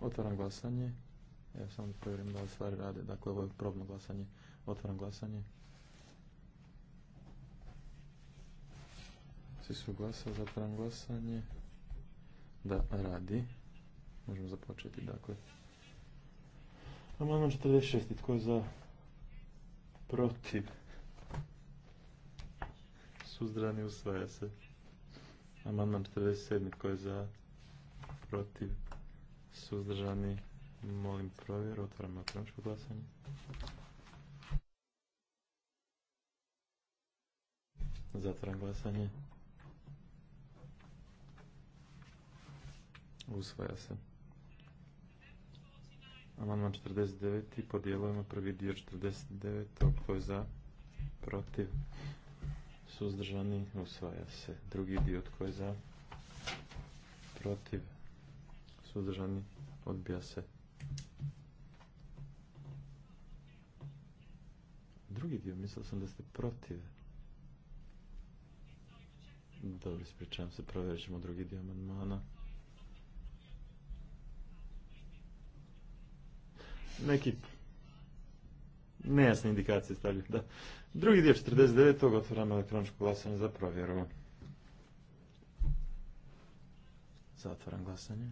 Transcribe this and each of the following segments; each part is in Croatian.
Otvaram glasanje. Ja samo provjerim da li stvari rade. Dakle, ovo je probno glasanje. Otvaram glasanje. Svi su glasali zatvaram glasanje. Da, radi. Možemo započeti, dakle. Amandman 46. Tko je za? Protiv. Suzdrani usvaja se. Amandman 47. Tko je za? Protiv suzdržani, molim provjeru, otvaram elektroničko glasanje. Zatvaram glasanje. Usvaja se. Amandman 49. Podijelujemo prvi dio 49. Tko je za? Protiv? Suzdržani? Usvaja se. Drugi dio tko je za? Protiv? suzdržani, odbija se. Drugi dio, mislio sam da ste protiv. Dobro, ispričavam se, provjerit ćemo drugi dio amandmana. Neki nejasne indikacije stavljaju, da. Drugi dio 49. otvoramo elektroničko glasanje za provjeru. Zatvaram glasanje.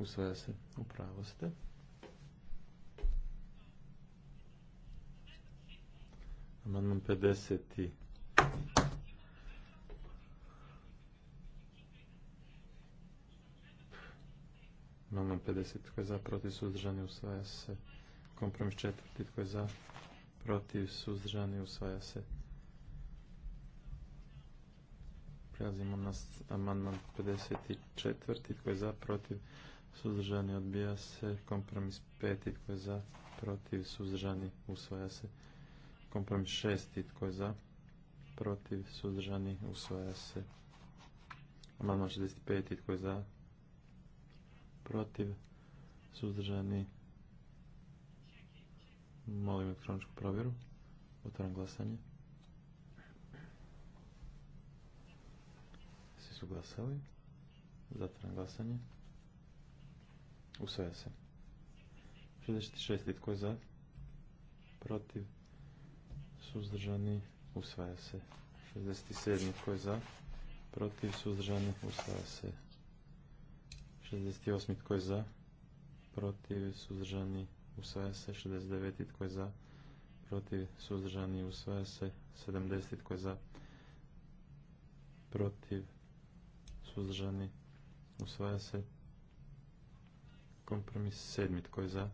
Usvaja se. U ste. Amandman 50. Amandman 50. Tko je za, protiv, suzdržani, usvaja se. Kompromis četvrti. Tko je za, protiv, suzdržani, usvaja se. Prelazimo na amandman 54. Tko je za, protiv, suzdržani odbija se, kompromis peti tko je za, protiv suzdržani usvaja se, kompromis šesti tko je za, protiv suzdržani usvaja se, amandman 65 tko je za, protiv suzdržani molim elektroničku provjeru, otvaram glasanje. Svi su glasali, zatvaram glasanje. Usvaja se. 66. Tko je za? Protiv? Suzdržani? Usvaja se. 67. Tko je za? Protiv? Suzdržani? Usvaja se. 68. Tko je za? Protiv? Suzdržani? Usvaja se. 69. Tko je za? Protiv? Suzdržani? Usvaja se. 70. Tko je za? Protiv? Suzdržani? Usvaja se. Kompromis sedmi. Tko je za?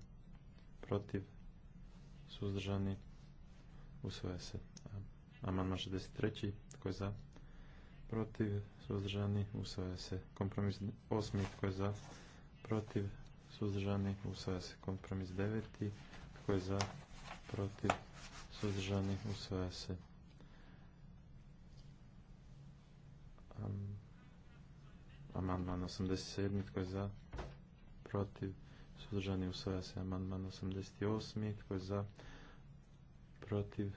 Protiv? Suzdržani? Usvaja se. Amandman 63. Tko je za? Protiv? Suzdržani? Usvaja se. Kompromis osmi. Tko je za? Protiv? Suzdržani? Usvaja se. Kompromis deveti. Tko je za? Protiv? Suzdržani? Usvaja se. Amandman 87. Tko je za? protiv, suzdržani usvaja se amandman 88. Tko je za, protiv,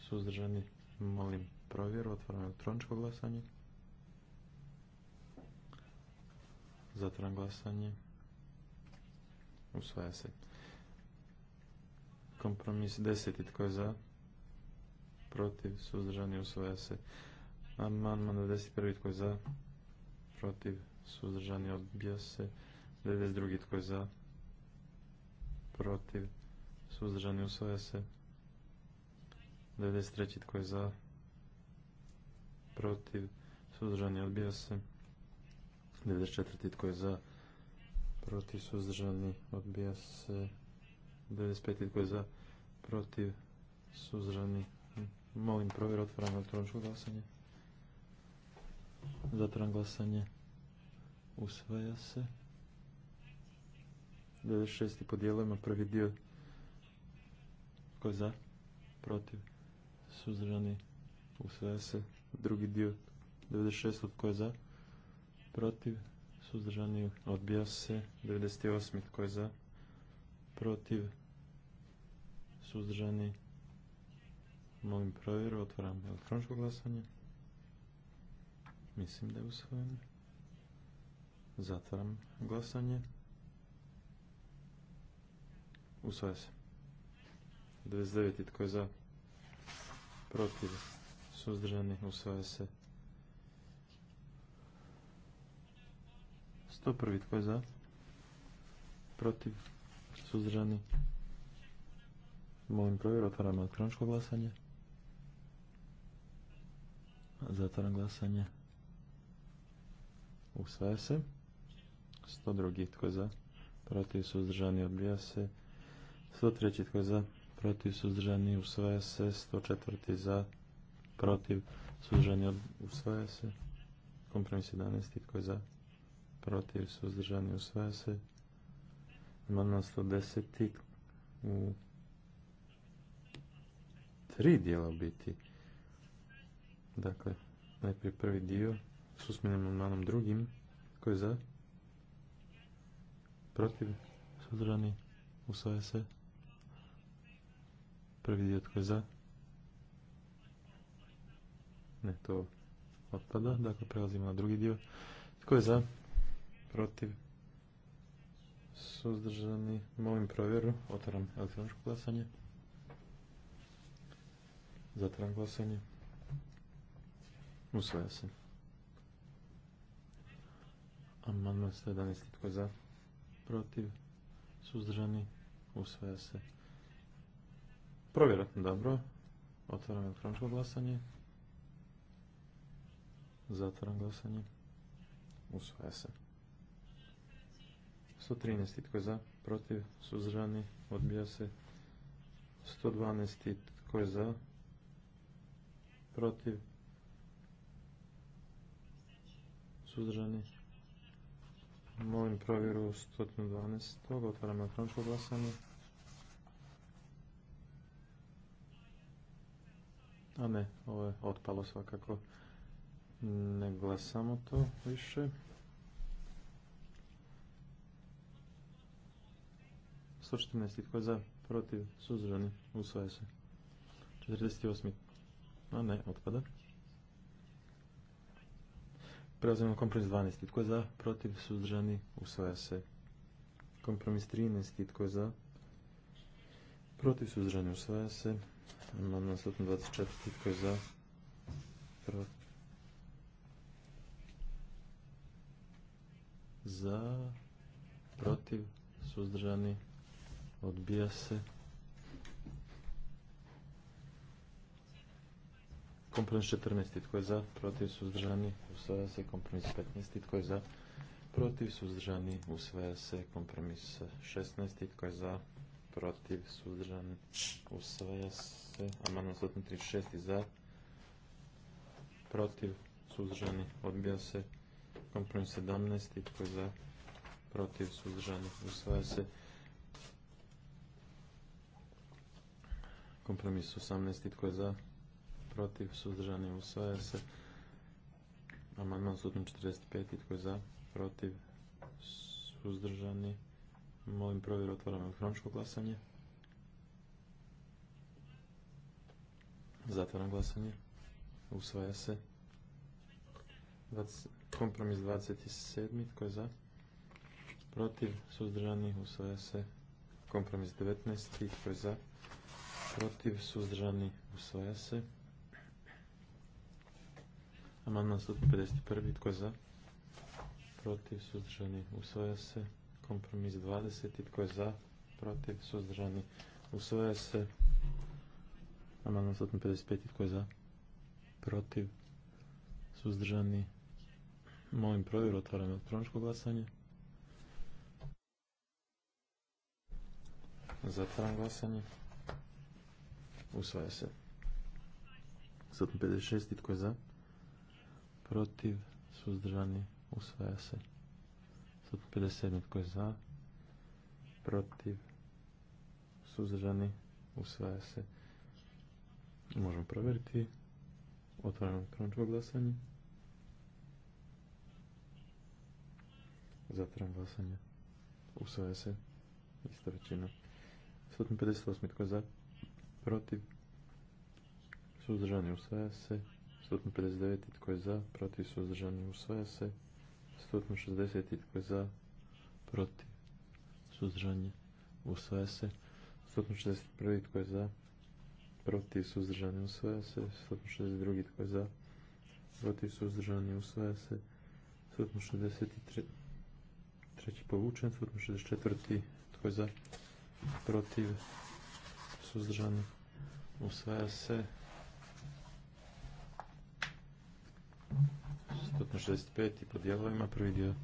suzdržani, molim provjeru, otvaram elektroničko glasanje. Zatvaram glasanje. Usvaja se. Kompromis 10. Tko je za? Protiv, suzdržani, usvaja se. Amandman 91. Tko je za? Protiv, suzdržani, odbija se. 92. tko je za? Protiv. Suzdržani usvaja se. 93. tko je za? Protiv. Suzdržani odbija se. 94. tko je za? Protiv. Suzdržani odbija se. 95. tko je za? Protiv. Suzdržani. Molim provjer otvaram elektroničko glasanje. Zatvaram glasanje. Usvaja se. 96. po podjelujemo prvi dio tko je za, protiv, suzdržani, usvaja se, drugi dio 96. tko je za, protiv, suzdržani, odbija se, 98. tko je za, protiv, suzdržani, molim provjeru, otvaram elektroničko glasanje, mislim da je usvojeno, zatvaram glasanje. Usvaja se. devet Tko je za? Protiv. Suzdržani. Usvaja se. 101. Tko je za? Protiv. Suzdržani. Molim provjer, Otvaram elektroničko glasanje. Zatvaram glasanje. Usvaja se. 102. Tko je za? Protiv. Suzdržani. Odbija se. 103. tko je za, protiv, suzdržani, usvaja se. 104. za, protiv, suzdržani, usvaja se. Kompromis 11. tko je za, protiv, suzdržani, usvaja se. Amandman 110. u tri dijela biti. Dakle, najprije prvi dio s usmjenim drugim. Tko je za? Protiv? Suzdržani? Usvaja se? Prvi dio tko je za? Ne, to otpada. Dakle, prelazimo na drugi dio. Tko je za? Protiv? Suzdržani? Molim provjeru. Otvaram elektroničko glasanje. Zatvaram glasanje. Usvaja se. Amandman 111. Tko je za? Protiv? Suzdržani? Usvaja se. Provjerat, dobro. Otvaram elektroničko glasanje. Zatvaram glasanje. Usvaja se. 113. Tko je za? Protiv? Suzdržani? Odbija se. 112. Tko je za? Protiv? Suzdržani? Molim provjeru 112. Otvaram elektroničko glasanje. A ne, ovo je otpalo svakako. Ne glasamo to više. 114. Tko je za? Protiv? Suzdržani? Usvaja se. 48. A ne, otpada. Prelazimo kompromis 12. Tko je za? Protiv? Suzdržani? Usvaja se. Kompromis 13. Tko je za? Protiv? Suzdržani? Usvaja se imamo na 124. Tko je za? Protiv. Za. Protiv. Suzdržani. Odbija se. Kompromis 14. Tko je za? Protiv. Suzdržani. Usvaja se. Kompromis 15. Tko je za? Protiv. Suzdržani. Usvaja se. Kompromis 16. Tko je za? protiv, suzdržan, usvaja se. Amandman 36, za, protiv, suzdržani, odbija se. Kompromis 17 tko je za, protiv, suzdržani, usvaja se. Kompromis 18 tko je za, protiv, suzdržani, usvaja se. Amandman 45, tko je za, protiv, suzdržani, Molim provjeru, otvaram elektroničko glasanje. Zatvaram glasanje. Usvaja se. kompromis 27. Tko je za? Protiv. Suzdržani. Usvaja se. Kompromis 19. Tko je za? Protiv. Suzdržani. Usvaja se. Amandman 151. Tko je za? Protiv. Suzdržani. Usvaja se. Kompromis 20. Tko je za? Protiv? Suzdržani? Usvaja se. Amandman 155. Tko je za? Protiv? Suzdržani? Molim provjeru. Otvaram elektroničko glasanje. Zatvaram glasanje. Usvaja se. 156. Tko je za? Protiv? Suzdržani? Usvaja se. 157. Tko je za? Protiv? Suzdržani? Usvaja se. Možemo provjeriti. Otvaram elektroničko glasanje. Zatvaram glasanje. Usvaja se. Ista većina. 158. Tko je za? Protiv? Suzdržani? Usvaja se. 159. Tko je za? Protiv? Suzdržani? Usvaja se. 160 tko je za, protiv, suzdržanje, usvaja se. 161 tko je za, protiv, suzdržanje, usvaja se. 162 tko je za, protiv, suzdržanje, usvaja se. 163 treći povučen, 164 tko je za, protiv, suzdržanje, usvaja se. 65. po dijelovima. Prvi dio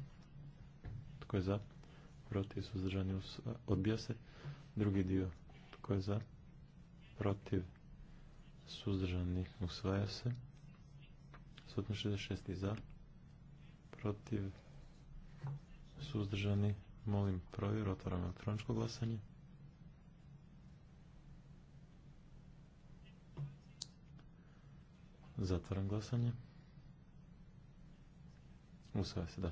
tko je za? Protiv suzdržani odbija se. Drugi dio tko je za? Protiv suzdržani usvaja se. 166. za. Protiv suzdržani molim provjeru. Otvaram elektroničko glasanje. Zatvaram glasanje. Usvaja se, da.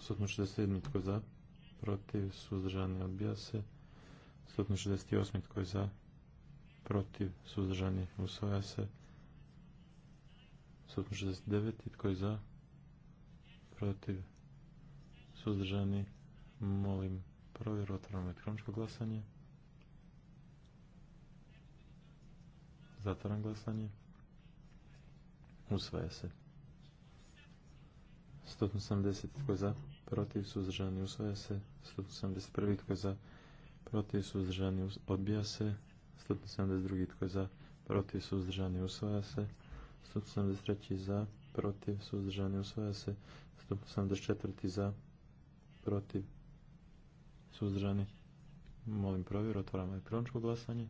167. tko je za, protiv, suzdržani, odbija se. 168. tko je za, protiv, suzdržani, usvaja se. 169. tko je za, protiv, suzdržani, molim provjeru, otvaram elektroničko glasanje. Zatvaram glasanje. Usvaja se. 180 tko za, protiv, suzdržani, usvaja se. 171 tko je za, protiv, suzdržani, odbija se. 172 tko je za, protiv, suzdržani, usvaja se. 173 za, protiv, suzdržani, usvaja se. 174 za, protiv, suzdržani. Molim provjeru, otvaram elektroničko glasanje.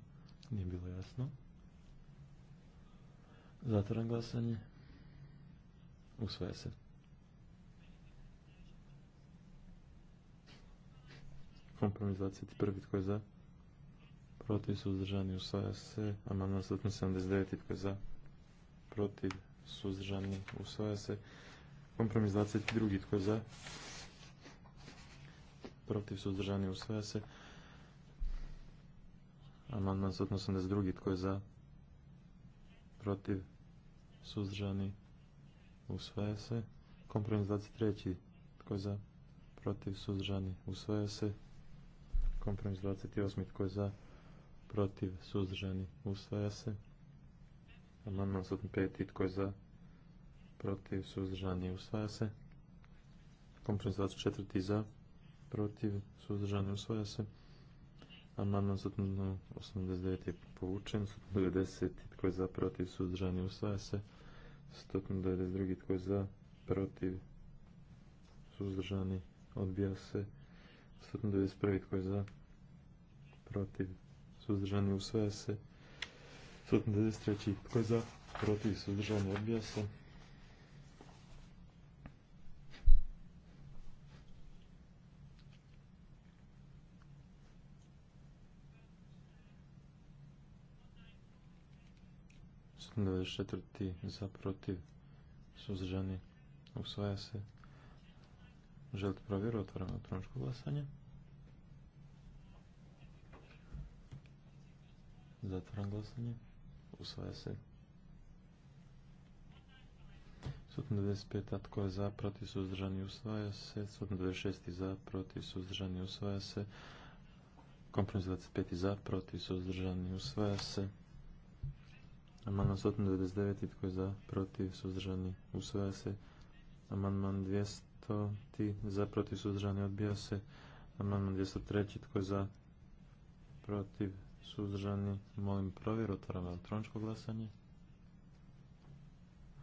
Nije bilo jasno. Zatvaram glasanje. Usvaja se. Kompromis 21. Tko je za? Protiv suzdržani usvaja se. Amandman 179. Tko je za? Protiv suzdržani usvaja se. Kompromis 22. Tko je za? Protiv suzdržani usvaja se. Amandman 182. Tko je za? Protiv suzdržani usvaja se. Kompromis 23. Tko je za? Protiv suzdržani usvaja se. Kompromis 28. Tko je za? Protiv suzdržani usvaja se. Amandman 105. Tko je za? Protiv suzdržani usvaja se. Kompromis 24. za? Protiv suzdržani usvaja se. Amandman 89. je povučen. 90. Tko je za? Protiv suzdržani usvaja se. 192. tko je za, protiv, suzdržani, odbija se. 191. tko je za, protiv, suzdržani, usvaja se. 193. tko je za, protiv, suzdržani, odbija se. 94. za protiv suzdržani usvaja se. Želite provjeru? Otvaram elektroničko glasanje. Zatvaram glasanje. Usvaja se. 195. Tko je za, protiv, suzdržani, usvaja se. 196. Za, protiv, suzdržani, usvaja se. Kompromis 25. Za, protiv, suzdržani, usvaja se. Amandman 199. Tko je za? Protiv? Suzdržani? Usvaja se. Amandman 200. za? Protiv? Suzdržani? Odbija se. Amandman 203. Tko je za? Protiv? Suzdržani? Molim provjer. Otvaram elektroničko glasanje.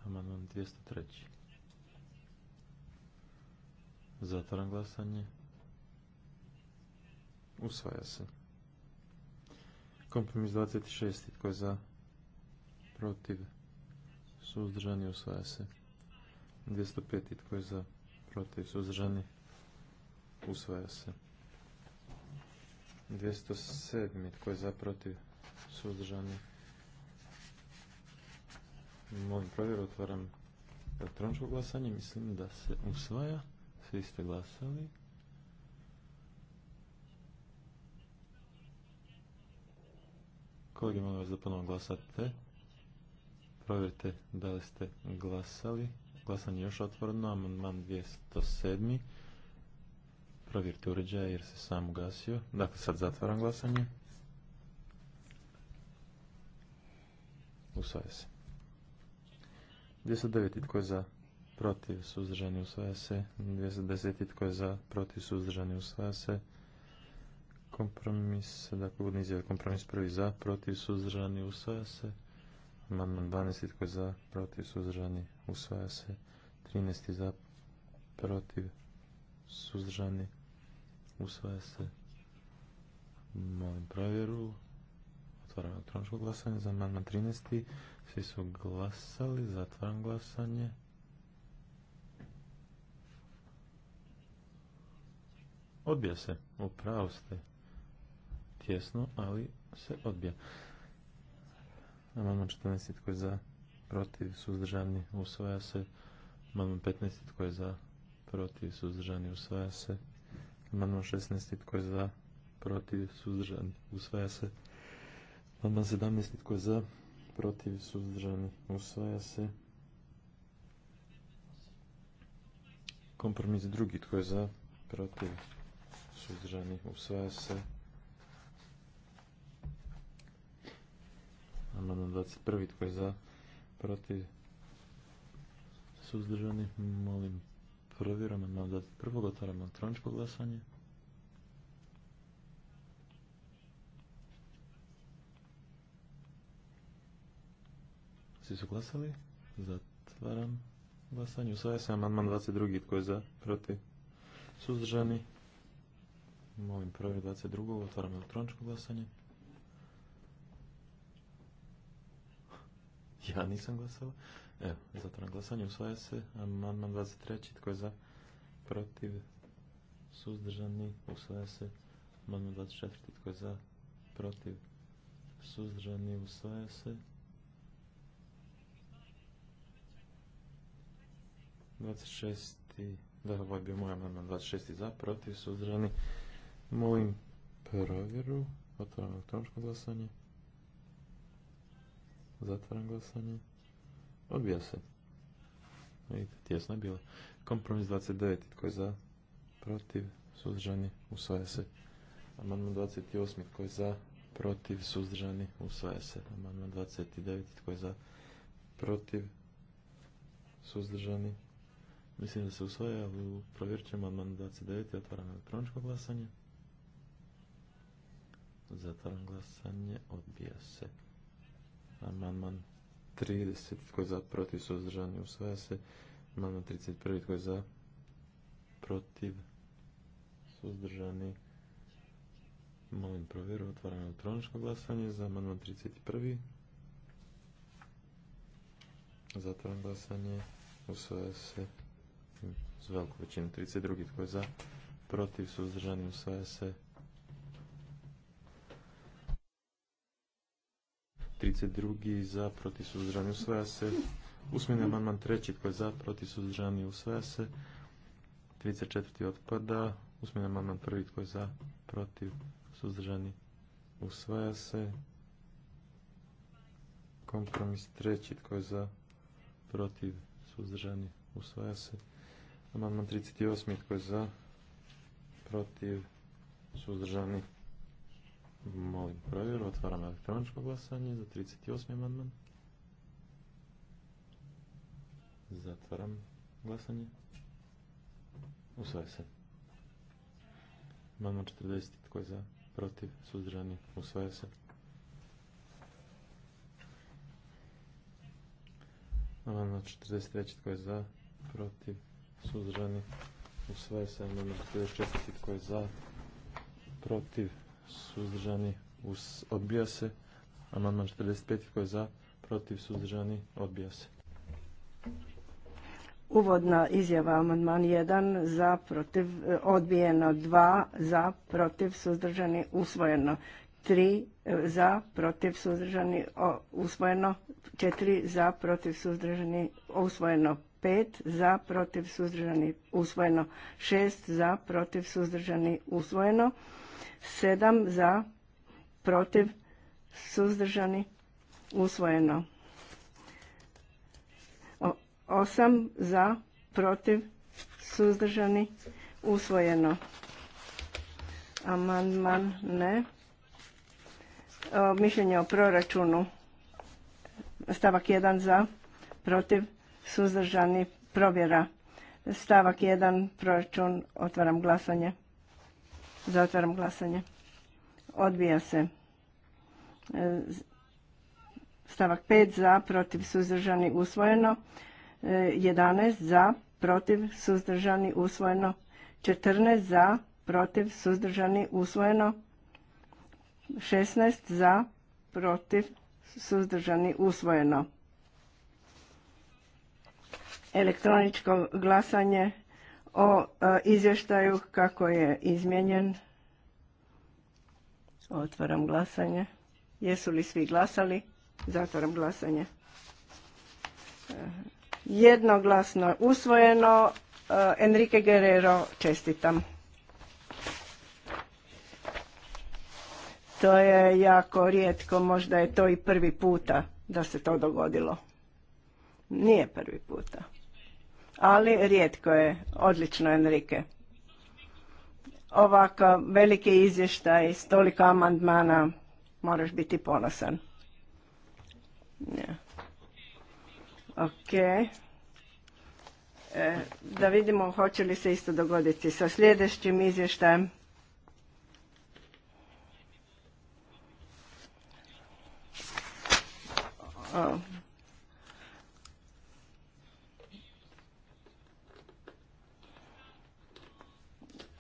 Amandman 203. Zatvaram glasanje. Usvaja se. Kompromis 26. Tko je za? protiv, suzdržani, usvaja se. 205. Tko je za? Protiv, suzdržani, usvaja se. 207. Tko je za? Protiv, suzdržani. Molim provjeru, otvaram elektroničko glasanje. Mislim da se usvaja. Svi ste glasali. Kolege, molim vas da ponovno glasate provjerite da li ste glasali. Glasanje je još otvoreno, amandman 207. Provjerite uređaja jer se sam ugasio. Dakle, sad zatvaram glasanje. Usvaja se. 209. Tko je za? Protiv. Suzdržani. Usvaja se. 210. Tko je za? Protiv. Suzdržani. Usvaja se. Kompromis. Dakle, budni Kompromis prvi za. Protiv. Suzdržani. Usvaja se. Amandman 12. za? Protiv? Suzdržani? Usvaja se. 13. Za? Protiv? Suzdržani? Usvaja se. Molim provjeru. Otvaram elektroničko glasanje za amandman 13. Svi su glasali. Zatvaram glasanje. Odbija se. Upravo ste. Tjesno, ali se odbija. Amandman 14. tko je za, protiv, suzdržani, usvaja se. Amandman 15. tko je za, protiv, suzdržani, usvaja se. Amandman 16. tko je za, protiv, suzdržani, usvaja se. Amandman 17. tko je za, protiv, suzdržani, usvaja se. Kompromis drugi tko je za, protiv, suzdržani, usvaja se. Amandman 21. Tko je za? Protiv? Suzdržani? Molim provjeru. prvo 21. Otvaram elektroničko glasanje. Svi su glasali? Zatvaram glasanje. Usvaja se amandman 22. Tko je za? Protiv? Suzdržani? Molim dvadeset 22. Otvaram elektroničko glasanje. Ja nisam glasao. Evo, zato na glasanje usvaja se. Amandman 23. Tko je za? Protiv? Suzdržani? Usvaja se. Amandman 24. Tko je za? Protiv? Suzdržani? Usvaja se. 26. Da, ovaj bio moj amandman 26. za, protiv, suzdržani. Molim provjeru. Otvaram elektroničko glasanje. Zatvaram glasanje. Odbija se. Vidite, tjesno je bilo. Kompromis 29. Tko je za? Protiv. Suzdržani. Usvaja se. Amandman 28. Tko je za? Protiv. Suzdržani. Usvaja se. Amandman 29. Tko je za? Protiv. Suzdržani. Mislim da se usvaja, ali provjerit ćemo amandman 29. Otvaram elektroničko glasanje. Zatvaram glasanje. Odbija se. Amandman 30. Tko je za? Protiv? Suzdržani? Usvaja se. Amandman 31. Tko je za? Protiv? Suzdržani? Molim provjeru. Otvaram elektroničko glasanje za amandman 31. Zatvaram glasanje. Usvaja se s veliku većinu 32. Tko je za? Protiv? Suzdržani? Usvaja se. 32. za, protiv, suzdržani, usvaja se. Usmeni amandman treći tko je za, protiv, suzdržani, usvaja se. 34. otpada. Usmeni amandman prvi tko je za, protiv, suzdržani, usvaja se. Kompromis treći tko je za, protiv, suzdržani, usvaja se. Amandman 38. tko je za, protiv, suzdržani, Molim provjeru, otvaram elektroničko glasanje za 38. amandman. Zatvaram glasanje. Usvaja se. Amandman 40. Tko je za? Protiv? Suzdržani? Usvaja se. Amandman 43. Tko je za? Protiv? Suzdržani? Usvaja se. Amandman 44. Tko je za? Protiv? suzdržani, odbija se. Amandman 45. Tko je za, protiv, suzdržani, odbija se. Uvodna izjava amandman 1 za protiv odbijeno 2 za protiv suzdržani usvojeno 3 za protiv suzdržani usvojeno 4 za protiv suzdržani usvojeno 5 za protiv suzdržani usvojeno 6 za protiv suzdržani usvojeno Sedam za, protiv, suzdržani, usvojeno. Osam za, protiv, suzdržani, usvojeno. Amandman ne. mišljenje o proračunu. Stavak 1 za, protiv, suzdržani, provjera. Stavak jedan, proračun, otvaram glasanje. Zatvaram glasanje. Odbija se. E, stavak 5 za, protiv, suzdržani, usvojeno. 11 e, za, protiv, suzdržani, usvojeno. 14 za, protiv, suzdržani, usvojeno. 16 za, protiv, suzdržani, usvojeno. Elektroničko glasanje o e, izvještaju kako je izmijenjen. Otvaram glasanje. Jesu li svi glasali? Zatvaram glasanje. E, jednoglasno usvojeno. E, Enrique Guerrero, čestitam. To je jako rijetko, možda je to i prvi puta da se to dogodilo. Nije prvi puta ali rijetko je. Odlično, Enrique. Ovako, veliki izvještaj s toliko amandmana, moraš biti ponosan. Ok. E, da vidimo hoće li se isto dogoditi sa sljedećim izvještajem.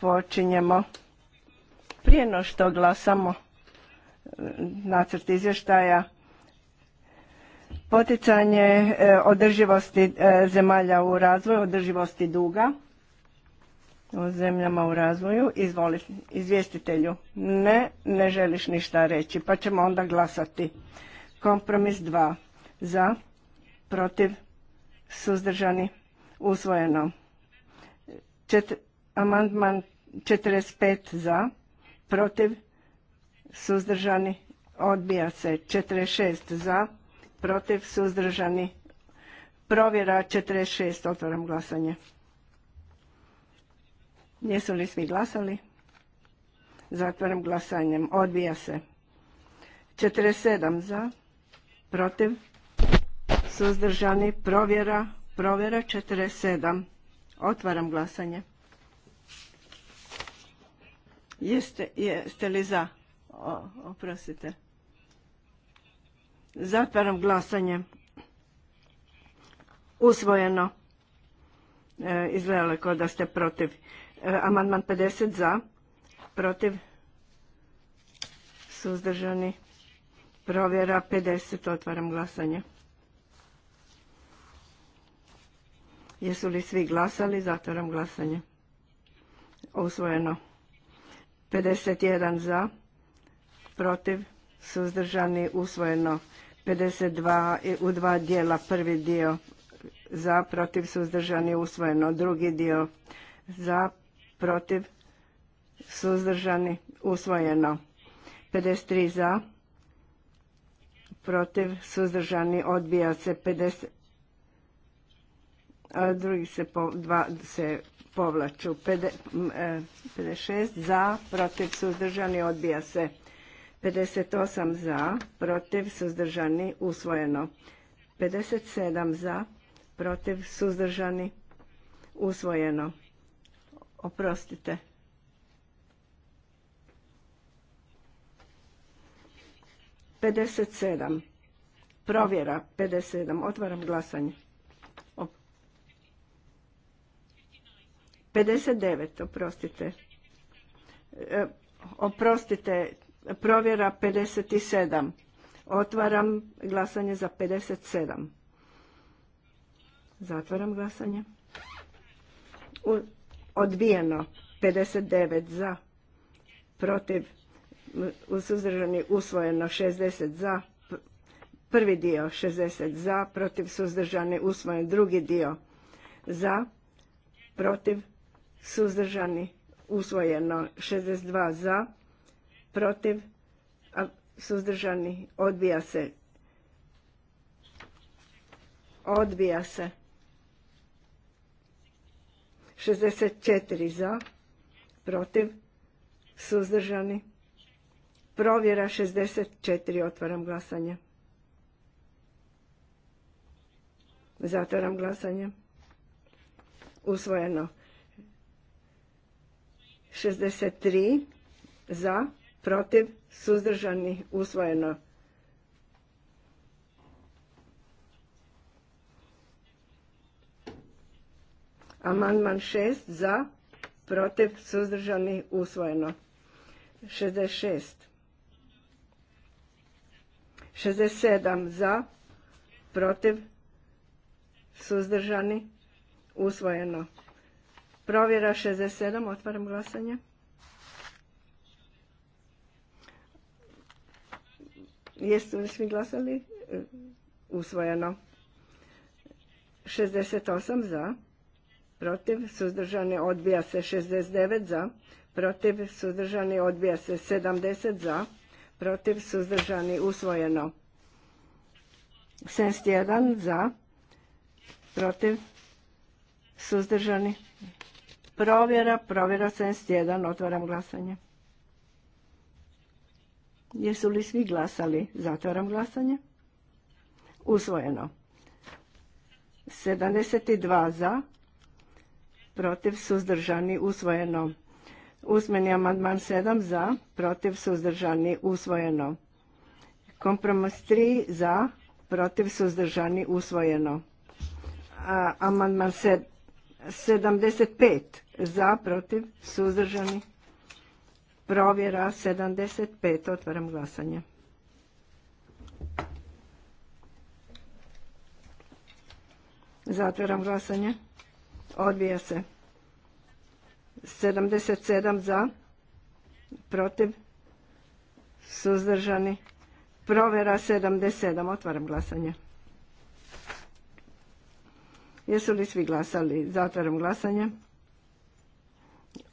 počinjemo prije no što glasamo e, nacrt izvještaja poticanje e, održivosti e, zemalja u razvoju, održivosti duga u zemljama u razvoju. izvjestitelju, ne, ne želiš ništa reći, pa ćemo onda glasati. Kompromis 2. Za, protiv, suzdržani, usvojeno. Čet Amandman 45 za, protiv, suzdržani, odbija se. 46 za, protiv, suzdržani, provjera 46, otvaram glasanje. Jesu li svi glasali? Zatvaram glasanjem. Odbija se. 47 za, protiv, suzdržani, provjera, provjera 47. Otvaram glasanje. Jeste, jeste li za? O, oprostite. Zatvaram glasanje. Usvojeno. E, izgledalo je kao da ste protiv. E, amandman 50 za. Protiv. Suzdržani. Provjera 50. Otvaram glasanje. Jesu li svi glasali? Zatvaram glasanje. Usvojeno. 51 za, protiv, suzdržani, usvojeno. 52 u dva dijela, prvi dio za, protiv, suzdržani, usvojeno. Drugi dio za, protiv, suzdržani, usvojeno. 53 za, protiv, suzdržani, odbija se. 50, drugi se dva se povlaču. 56 e, za, protiv suzdržani odbija se. 58 za, protiv suzdržani usvojeno. 57 za, protiv suzdržani usvojeno. Oprostite. Pedeset sedam. Provjera pedeset sedam. Otvaram glasanje. 59, oprostite. E, oprostite, provjera 57. Otvaram glasanje za 57. Zatvaram glasanje. U, odbijeno 59 za, protiv, suzdržani usvojeno 60 za, prvi dio 60 za, protiv suzdržani usvojen drugi dio za, protiv suzdržani, usvojeno 62 za, protiv, suzdržani, odbija se, odbija se 64 za, protiv, suzdržani, provjera 64, otvaram glasanje. Zatvaram glasanje. Usvojeno. 63 za, protiv, suzdržani, usvojeno. Amandman 6 za, protiv, suzdržani, usvojeno. 66. 67 za, protiv, suzdržani, usvojeno. Provjera 67, otvaram glasanje. Jesu li svi glasali? E, usvojeno. 68 za, protiv, suzdržani odbija se 69 za, protiv, suzdržani odbija se 70 za, protiv, suzdržani usvojeno. 71 za, protiv, suzdržani Provjera, provjera 71, otvaram glasanje. Jesu li svi glasali? Zatvaram glasanje. Usvojeno. 72 za, protiv suzdržani usvojeno. Usmeni amandman 7 za, protiv suzdržani usvojeno. Kompromis 3 za, protiv suzdržani usvojeno. amandman 7, 75 za, protiv, suzdržani. Provjera 75. Otvaram glasanje. Zatvaram glasanje. Odbija se. 77 za, protiv, suzdržani. Provjera 77. Otvaram glasanje. Jesu li svi glasali? Zatvaram glasanje.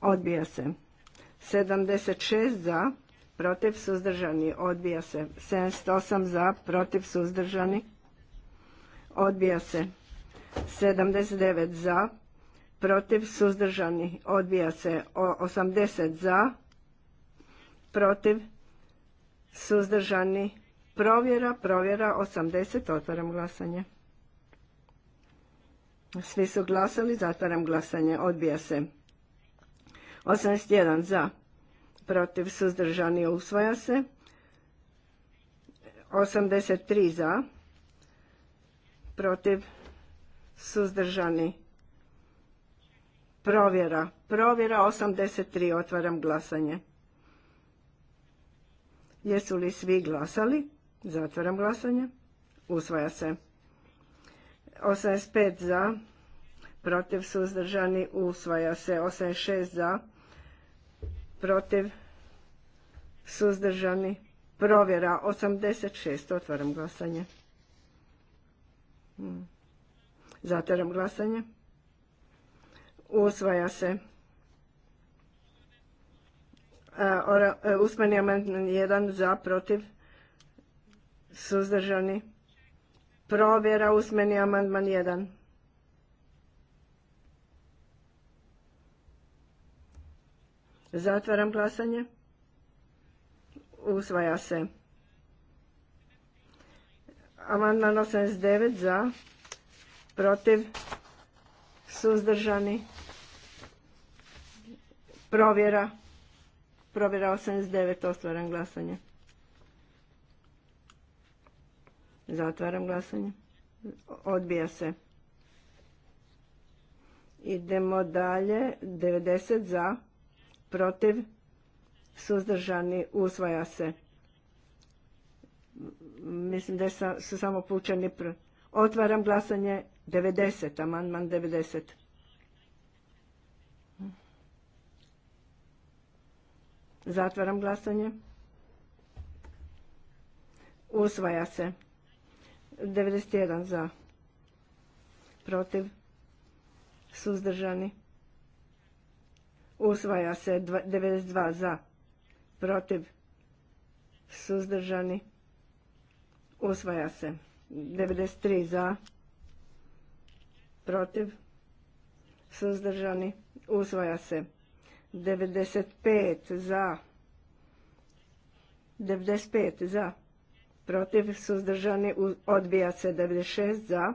Odbija se. 76 za, protiv suzdržani. Odbija se. 78 za, protiv suzdržani. Odbija se. 79 za, protiv suzdržani. Odbija se. 80 za, protiv suzdržani. Provjera, provjera. 80. Otvaram glasanje. Svi su glasali, zatvaram glasanje, odbija se. 81 za, protiv suzdržani usvaja se. 83 za, protiv suzdržani provjera. Provjera 83, otvaram glasanje. Jesu li svi glasali? Zatvaram glasanje. Usvaja se. 85 za, protiv suzdržani usvaja se. 86 za, protiv suzdržani provjera. 86 otvaram glasanje. Hmm. Zatvaram glasanje. Usvaja se. E, e, usmeni amandman jedan za, protiv, suzdržani, Provjera usmeni amandman 1. Zatvaram glasanje. Usvaja se. Amandman 89 za, protiv, suzdržani, provjera, provjera 89, ostvaram glasanje. Zatvaram glasanje. Odbija se. Idemo dalje. 90 za, protiv, suzdržani, usvaja se. Mislim da su samo pučani. Otvaram glasanje 90, amandman 90. Zatvaram glasanje. Usvaja se. 91 za protiv suzdržani usvaja se 92 za protiv suzdržani usvaja se 93 za protiv suzdržani usvaja se 95 za 95 za protiv suzdržani odbija se 96 za,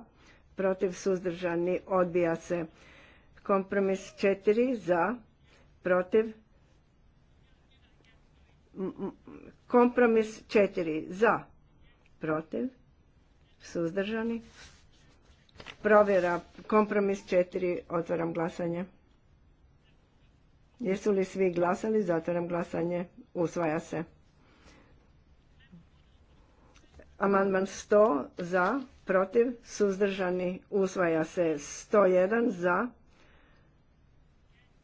protiv suzdržani odbija se kompromis 4 za, protiv kompromis 4 za, protiv suzdržani provjera kompromis 4 otvaram glasanje jesu li svi glasali zatvaram glasanje usvaja se Amandman 100 za, protiv, suzdržani, usvaja se 101 za,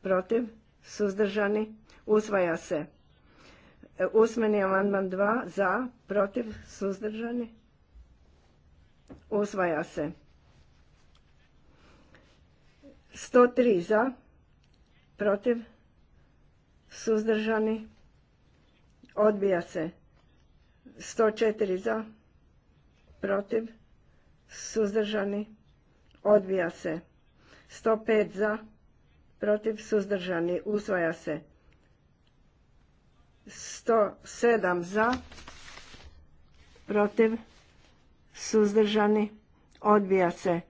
protiv, suzdržani, usvaja se. Usmeni amandman 2 za, protiv, suzdržani, usvaja se. 103 za, protiv, suzdržani, odbija se. 104 za, protiv, suzdržani, odbija se. 105 za, protiv, suzdržani, usvaja se. 107 za, protiv, suzdržani, odbija se.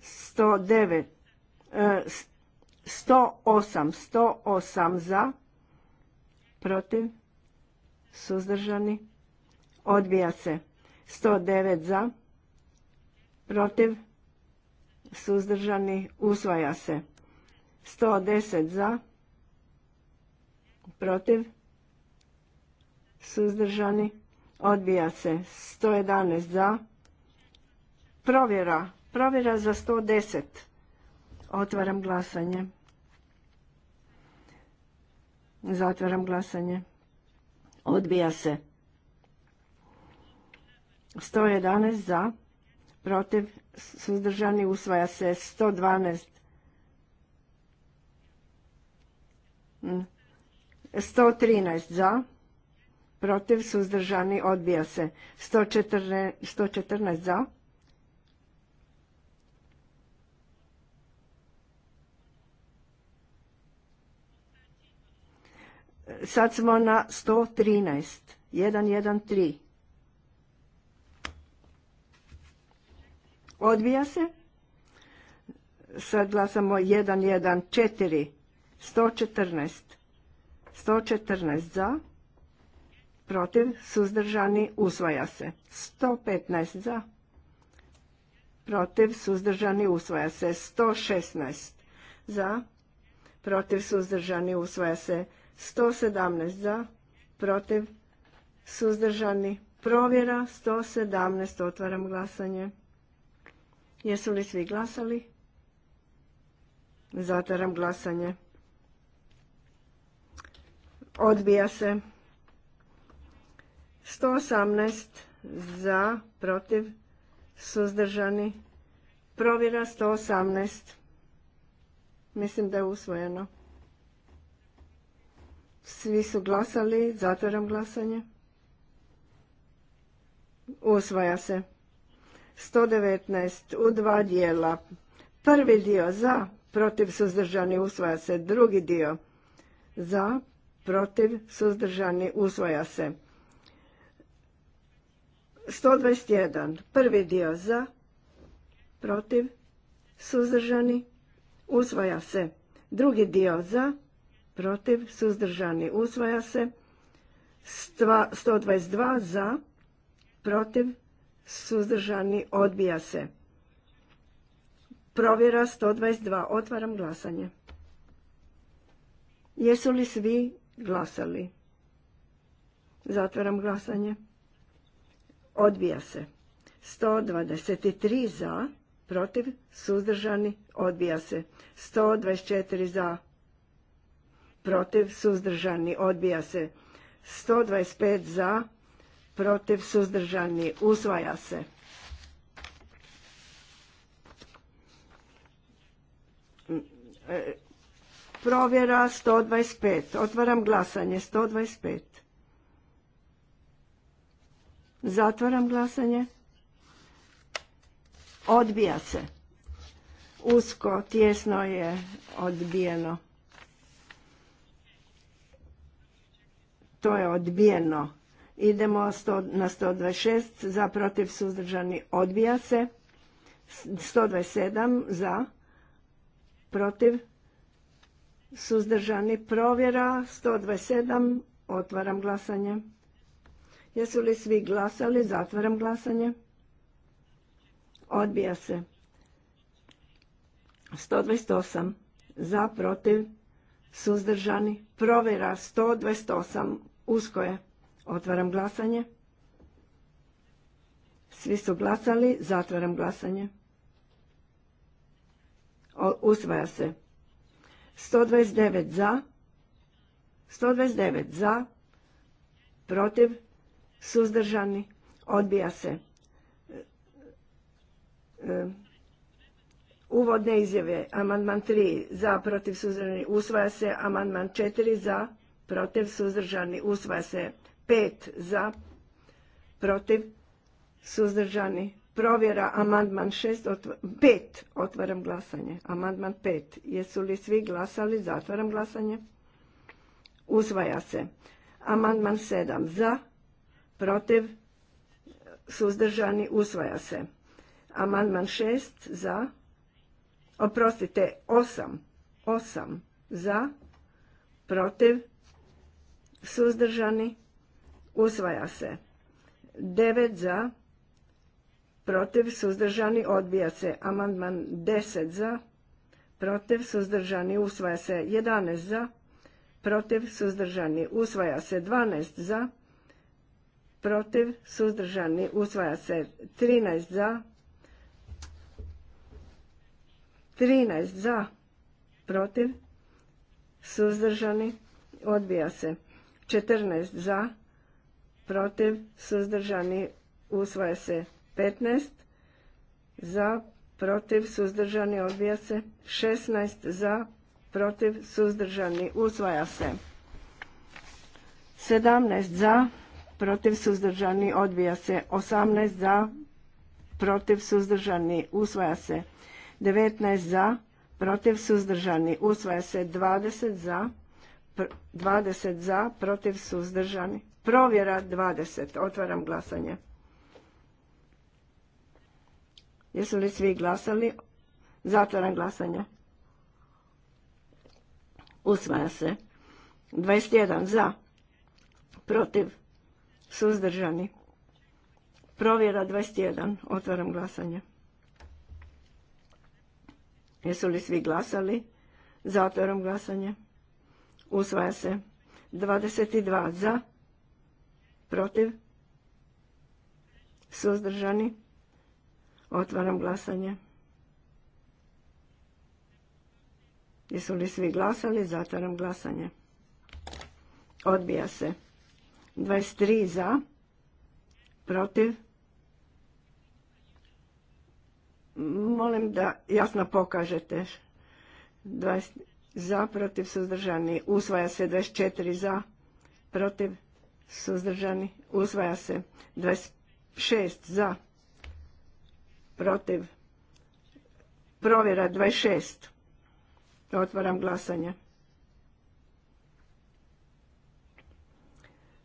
109, 108, 108 za, protiv, suzdržani, odbija se. 109 za, protiv, suzdržani, usvaja se. 110 za, protiv, suzdržani, odbija se. 111 za, provjera, provjera za 110. Otvaram glasanje. Zatvaram glasanje. Odbija se. 111 za, protiv, suzdržani, usvaja se 112. 113 za, protiv, suzdržani, odbija se 114, za. Sad smo na 113, 113. Odvija se. Sad glasamo 114. 114. 114 za. Protiv. Suzdržani. Usvaja se. 115 za. Protiv. Suzdržani. Usvaja se. 116 za. Protiv. Suzdržani. Usvaja se. 117 za. Protiv. Suzdržani. Provjera 117. Otvaram glasanje. Jesu li svi glasali? Zataram glasanje. Odbija se. 118 za, protiv, suzdržani. Provjera 118. Mislim da je usvojeno. Svi su glasali, zatvaram glasanje. Usvaja se. 119 u dva dijela. Prvi dio za, protiv suzdržani usvaja se. Drugi dio za, protiv suzdržani usvaja se. 121. Prvi dio za, protiv suzdržani usvaja se. Drugi dio za, protiv suzdržani usvaja se. 122 za, protiv suzdržani, odbija se. Provjera 122. Otvaram glasanje. Jesu li svi glasali? Zatvaram glasanje. Odbija se. 123 za, protiv, suzdržani, odbija se. 124 za, protiv, suzdržani, odbija se. 125 za, protiv suzdržani usvaja se. E, provjera 125. Otvaram glasanje 125. Zatvaram glasanje. Odbija se. Usko, tjesno je odbijeno. To je odbijeno. Idemo na 126 za protiv suzdržani odbija se. 127 za protiv suzdržani provjera. 127 otvaram glasanje. Jesu li svi glasali? Zatvaram glasanje. Odbija se. 128 za protiv suzdržani provjera. 128 usko je. Otvaram glasanje. Svi su glasali. Zatvaram glasanje. Usvaja se. 129 za. 129 za. Protiv. Suzdržani. Odbija se. E, e, uvodne izjave. Amandman 3 za. Protiv. Suzdržani. Usvaja se. Amandman 4 za. Protiv. Suzdržani. Usvaja se. 5 za, protiv, suzdržani. Provjera amandman 6, 5, otvaram glasanje. Amandman 5, jesu li svi glasali, zatvaram glasanje. usvaja se. Amandman 7 za, protiv, suzdržani, usvaja se. Amandman 6 za, oprostite, 8, 8 za, protiv, suzdržani, usvaja se. 9 za, protiv, suzdržani, odbija se. Amandman 10 za, protiv, suzdržani, usvaja se. 11 za, protiv, suzdržani, usvaja se. 12 za, protiv, suzdržani, usvaja se. 13 za, 13 za, protiv, suzdržani, odbija se. 14 za, protiv, suzdržani, usvaja se 15, za, protiv, suzdržani, odbija se 16, za, protiv, suzdržani, usvaja se 17, za, protiv, suzdržani, odbija se 18, za, protiv, suzdržani, usvaja se 19, za, protiv, suzdržani, usvaja se 20, za, 20 za, protiv, suzdržani, Provjera 20. Otvaram glasanje. Jesu li svi glasali? Zatvaram glasanje. Usvaja se. 21 za. Protiv. Suzdržani. Provjera 21. Otvaram glasanje. Jesu li svi glasali? Zatvaram glasanje. Usvaja se. 22 za protiv, suzdržani, otvaram glasanje. Jesu li svi glasali? Zatvaram glasanje. Odbija se. 23 za, protiv. Molim da jasno pokažete. 20 za, protiv, suzdržani. Usvaja se 24 za, protiv, suzdržani, uzvaja se 26 za, protiv, provjera 26, otvaram glasanje.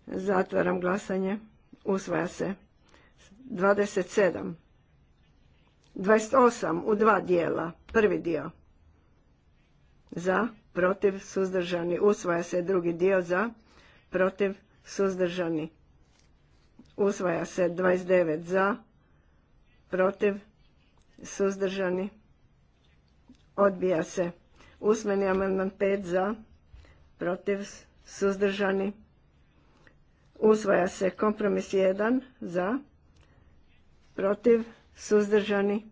Zatvaram glasanje. Usvaja se. 27. 28 u dva dijela. Prvi dio. Za, protiv, suzdržani. Usvaja se drugi dio za, protiv, suzdržani, usvaja se 29 za, protiv, suzdržani, odbija se. Usmeni amandman 5 za, protiv, suzdržani, usvaja se kompromis 1 za, protiv, suzdržani,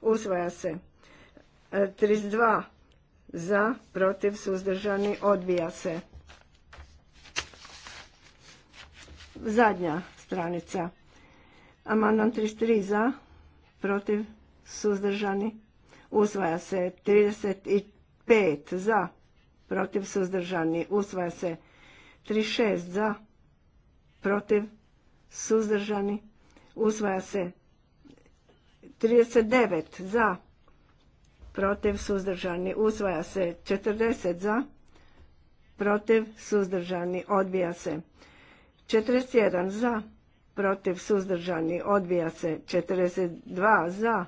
usvaja se. 32 e, za, protiv, suzdržani, odbija se. zadnja stranica. Amandman 33 za, protiv, suzdržani. Usvaja se 35 za, protiv, suzdržani. Usvaja se 36 za, protiv, suzdržani. Usvaja se 39 za, protiv, suzdržani. Usvaja se 40 za, protiv, suzdržani. Odbija se 41 za, protiv suzdržani, odbija se 42 za,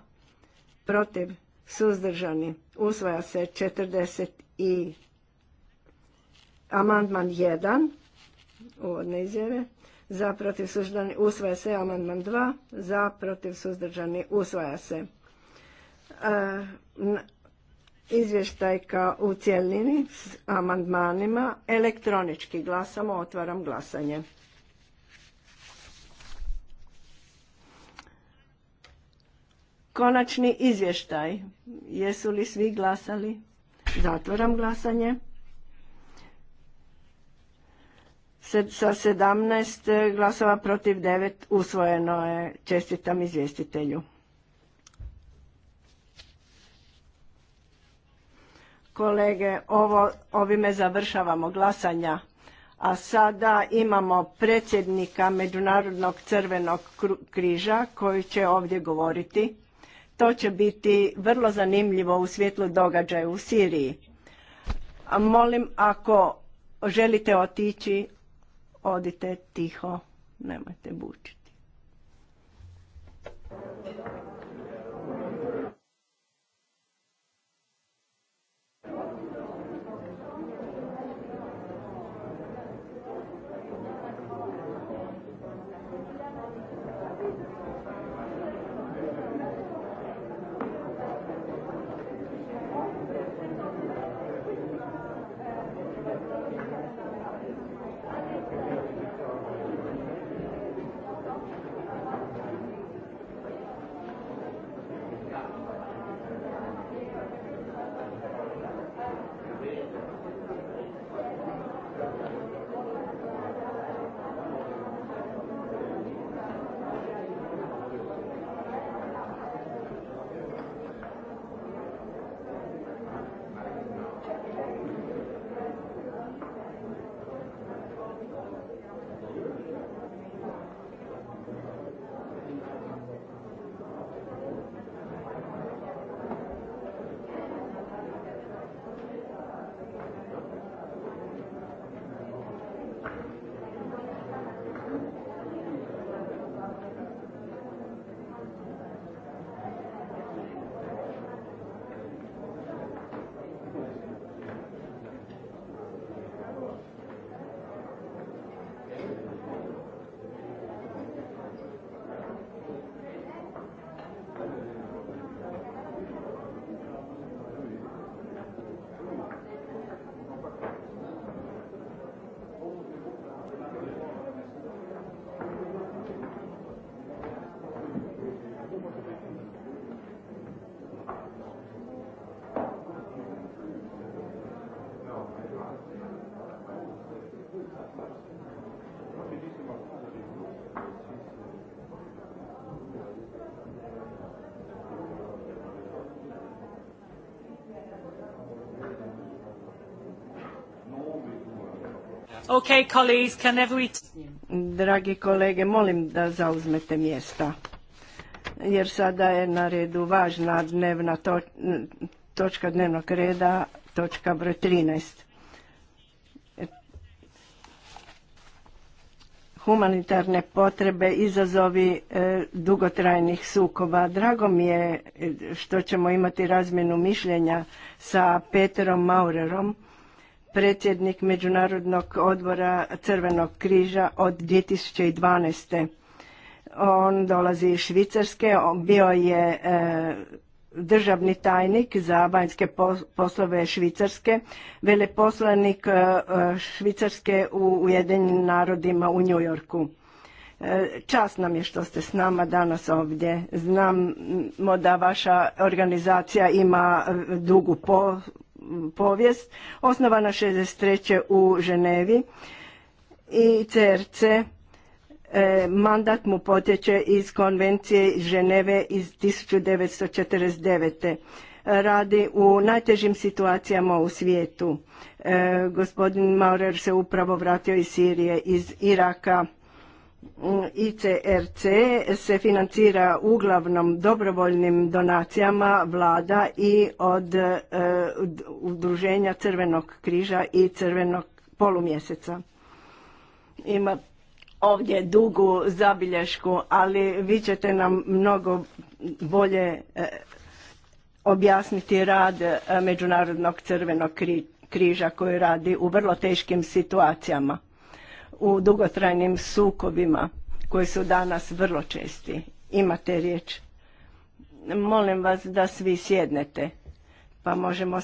protiv suzdržani, usvaja se 40 i amandman 1, uvodne izjave, za protiv suzdržani, usvaja se amandman 2, za protiv suzdržani, usvaja se. E, Izvještajka u cjelini s amandmanima, elektronički glasamo, otvaram glasanje. Konačni izvještaj. Jesu li svi glasali? Zatvoram glasanje. Sa sedamnaest glasova protiv devet usvojeno je. Čestitam izvjestitelju. Kolege, ovime završavamo glasanja. A sada imamo predsjednika Međunarodnog crvenog križa koji će ovdje govoriti. To će biti vrlo zanimljivo u svjetlu događaja u Siriji. molim, ako želite otići, odite tiho, nemojte bučiti. Okay, colleagues, can Dragi kolege, molim da zauzmete mjesta, jer sada je na redu važna dnevna točka dnevnog reda, točka broj 13. humanitarne potrebe, izazovi e, dugotrajnih sukoba. Drago mi je e, što ćemo imati razmjenu mišljenja sa Peterom Maurerom, predsjednik Međunarodnog odbora Crvenog križa od 2012. On dolazi iz Švicarske, bio je e, državni tajnik za vanjske poslove Švicarske, veleposlanik e, Švicarske u Ujedinjenim narodima u Njujorku. E, čast nam je što ste s nama danas ovdje. Znamo da vaša organizacija ima dugu po, povijest, osnovana 63. u Ženevi i CRC e, mandat mu potječe iz konvencije iz Ženeve iz 1949. Radi u najtežim situacijama u svijetu. E, gospodin Maurer se upravo vratio iz Sirije, iz Iraka, ICRC se financira uglavnom dobrovoljnim donacijama vlada i od e, udruženja Crvenog križa i Crvenog polumjeseca. Ima ovdje dugu zabilješku, ali vi ćete nam mnogo bolje e, objasniti rad e, Međunarodnog crvenog križa koji radi u vrlo teškim situacijama u dugotrajnim sukobima koji su danas vrlo česti. Imate riječ. Molim vas da svi sjednete pa možemo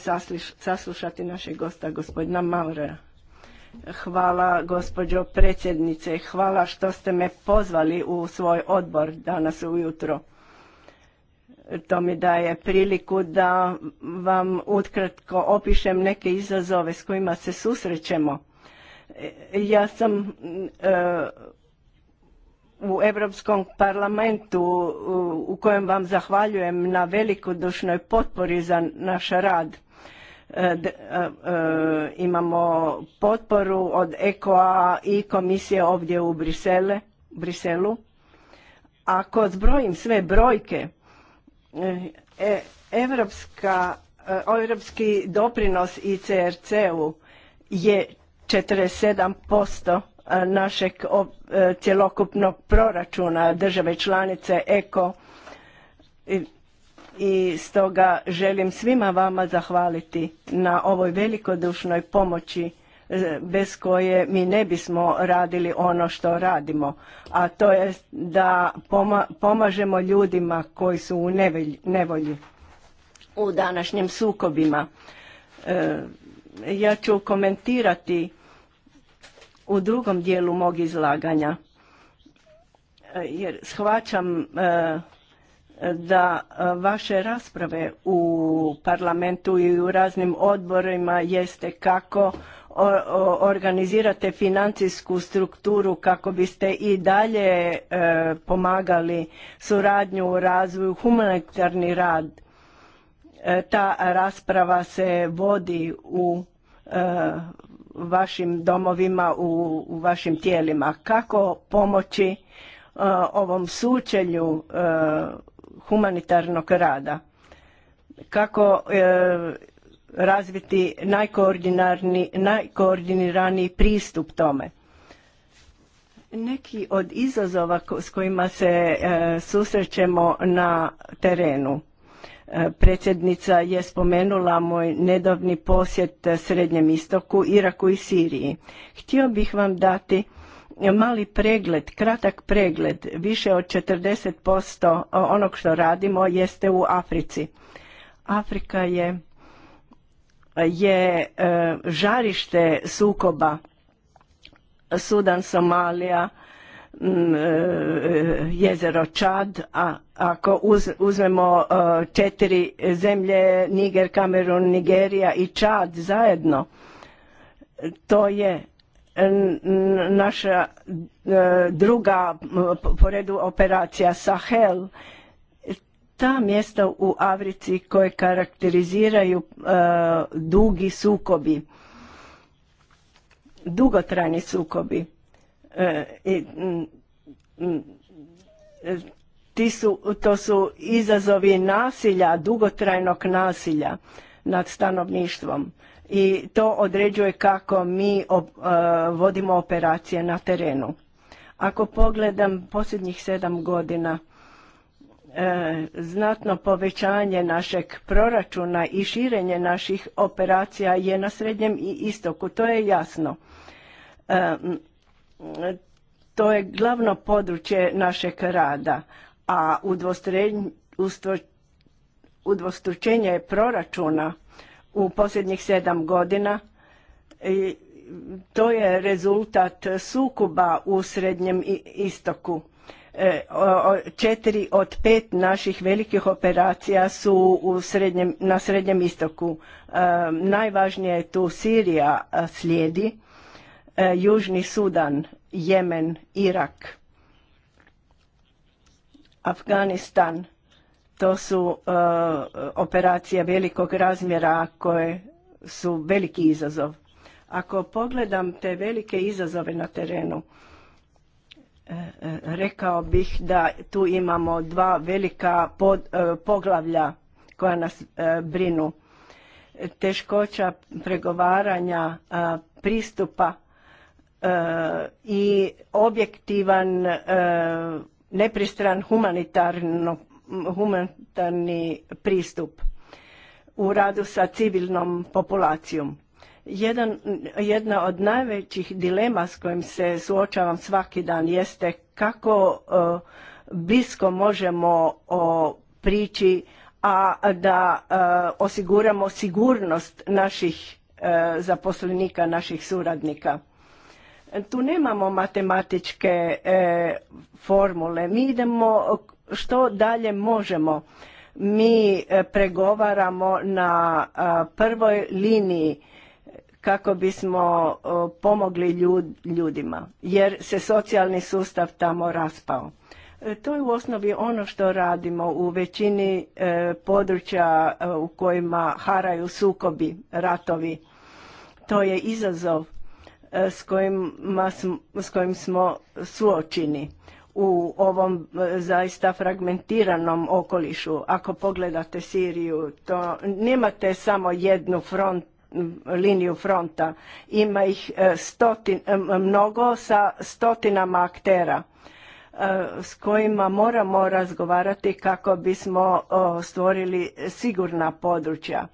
saslušati našeg gosta gospodina Maurera. Hvala gospođo predsjednice, hvala što ste me pozvali u svoj odbor danas ujutro. To mi daje priliku da vam utkratko opišem neke izazove s kojima se susrećemo ja sam e, u Europskom parlamentu u kojem vam zahvaljujem na velikodušnoj potpori za naš rad. E, e, imamo potporu od EKOA i komisije ovdje u Briselu. Ako zbrojim sve brojke, europski evropski doprinos ICRC-u je 47% eh, našeg eh, cjelokupnog proračuna države članice eko i, stoga želim svima vama zahvaliti na ovoj velikodušnoj pomoći eh, bez koje mi ne bismo radili ono što radimo, a to je da pomažemo ljudima koji su u nevolji u današnjim sukobima. ja ću komentirati u drugom dijelu mog izlaganja e, jer shvaćam e, da e, vaše rasprave u parlamentu i u raznim odborima jeste kako organizirate financijsku strukturu kako biste i dalje pomagali suradnju u razvoju humanitarni rad. Ta rasprava se vodi u vašim domovima, u, vašim tijelima. Kako pomoći e, ovom sučelju e, humanitarnog rada? Kako e, razviti najkoordiniraniji pristup tome? Neki od izazova s kojima se susrećemo na terenu Predsjednica je spomenula moj nedavni posjet Srednjem istoku, Iraku i Siriji. Htio bih vam dati mali pregled, kratak pregled, više od 40% onog što radimo jeste u Africi. Afrika je je e, žarište sukoba Sudan, Somalija, Mm, e, jezero Čad, a ako uzmemo e, četiri zemlje, Niger, Kamerun, Nigerija i Čad zajedno, to je naša e, druga po redu operacija Sahel. Ta mjesta u Africi koje karakteriziraju dugi sukobi, dugotrajni sukobi E, i mm, mm, e, su, to su izazovi nasilja, dugotrajnog nasilja nad stanovništvom i to određuje kako mi e, vodimo operacije na terenu. Ako pogledam posljednjih sedam godina, znatno povećanje našeg proračuna i širenje naših operacija je na Srednjem i Istoku, to je jasno. To je glavno područje našeg rada, a udvostručenje proračuna u posljednjih sedam godina to je rezultat sukuba u Srednjem istoku. E, četiri od pet naših velikih operacija su na Srednjem istoku. E, najvažnije je tu Sirija slijedi E, Južni Sudan, Jemen, Irak, Afganistan. To su e, operacije velikog razmjera koje su veliki izazov. Ako pogledam te velike izazove na terenu, e, rekao bih da tu imamo dva velika poglavlja koja nas brinu. Teškoća pregovaranja pristupa i objektivan e, nepristran humanitarno, humanitarni pristup u radu sa civilnom populacijom. Jedan, jedna od najvećih dilema s kojim se suočavam svaki dan jeste kako e, blisko možemo o, prići, a da e, osiguramo sigurnost naših zaposlenika, naših suradnika. Tu nemamo matematičke e, formule. Mi idemo što dalje možemo. Mi e, pregovaramo na prvoj liniji kako bismo pomogli ljudima jer se socijalni sustav tamo raspao. E, to je u osnovi ono što radimo u većini područja u kojima haraju sukobi, ratovi. To je izazov E, s kojima s kojim smo suočeni u ovom e, zaista fragmentiranom okolišu. Ako pogledate Siriju, to nemate samo jednu front, liniju fronta, ima ih e, stotin, mnogo sa stotinama aktera s kojima moramo razgovarati kako bismo stvorili sigurna područja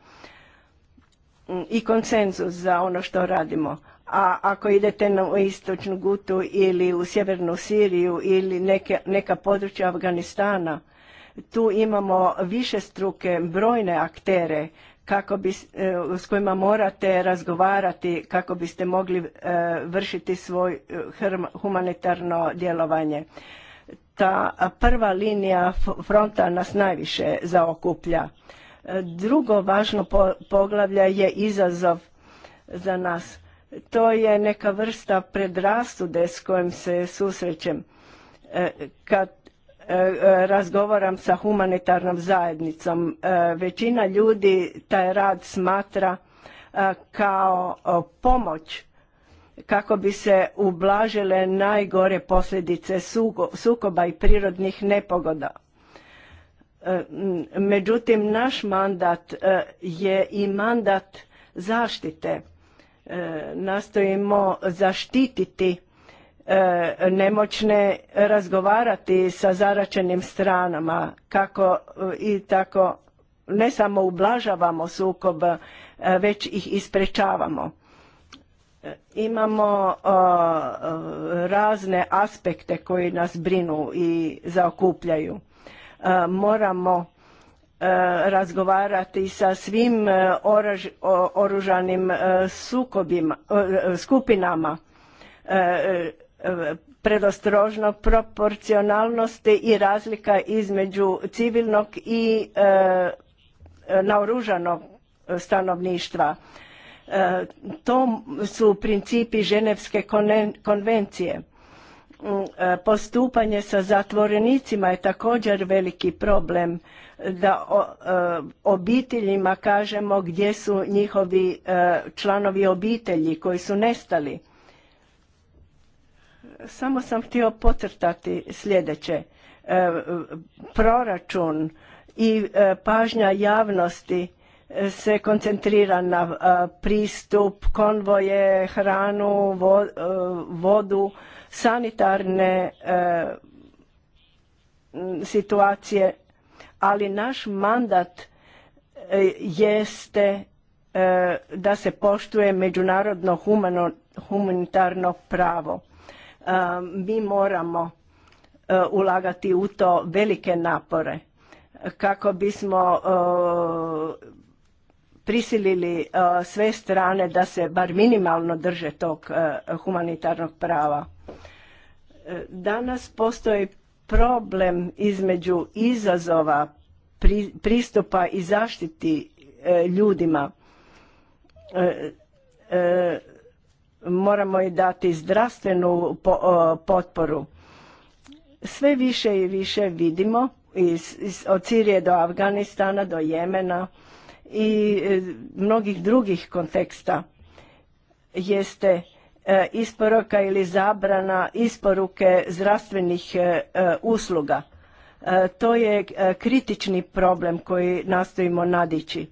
i konsenzus za ono što radimo a ako idete na istočnu Gutu ili u sjevernu Siriju ili neka područja Afganistana, tu imamo više struke, brojne aktere kako bi, e, s kojima morate razgovarati kako biste mogli e, vršiti svoj e, humanitarno djelovanje. Ta prva linija fronta nas najviše zaokuplja. Drugo važno poglavlje je izazov za nas to je neka vrsta predrasude s kojim se susrećem e, kad e, e, razgovaram sa humanitarnom zajednicom. Većina ljudi taj rad smatra kao pomoć kako bi se ublažile najgore posljedice sukoba i prirodnih nepogoda. Međutim, naš mandat je i mandat zaštite E, nastojimo zaštititi e, nemoćne razgovarati sa zaračenim stranama kako e, i tako ne samo ublažavamo sukob već ih isprečavamo imamo razne aspekte koji nas brinu i zaokupljaju moramo E, razgovarati sa svim e, oružanim e, sukobima, skupinama predostrožno proporcionalnosti i razlika između civilnog i naoružanog stanovništva. To su principi Ženevske konvencije postupanje sa zatvorenicima je također veliki problem da e, obiteljima kažemo gdje su njihovi e, članovi obitelji koji su nestali samo sam htio pocrtati sljedeće e, proračun i pažnja javnosti se koncentrira na pristup konvoje hranu vodu sanitarne e, situacije, ali naš mandat e, jeste e, da se poštuje međunarodno humano, humanitarno pravo. Mi moramo ulagati u to velike napore kako bismo prisilili uh, sve strane da se bar minimalno drže tog uh, humanitarnog prava. Uh, danas postoji problem između izazova pristupa i zaštiti ljudima. Moramo i dati zdravstvenu potporu. Sve više i više vidimo od Sirije do Afganistana, do Jemena, i e, mnogih drugih konteksta jeste e, isporuka ili zabrana isporuke zdravstvenih e, usluga. To je kritični problem koji nastojimo nadići.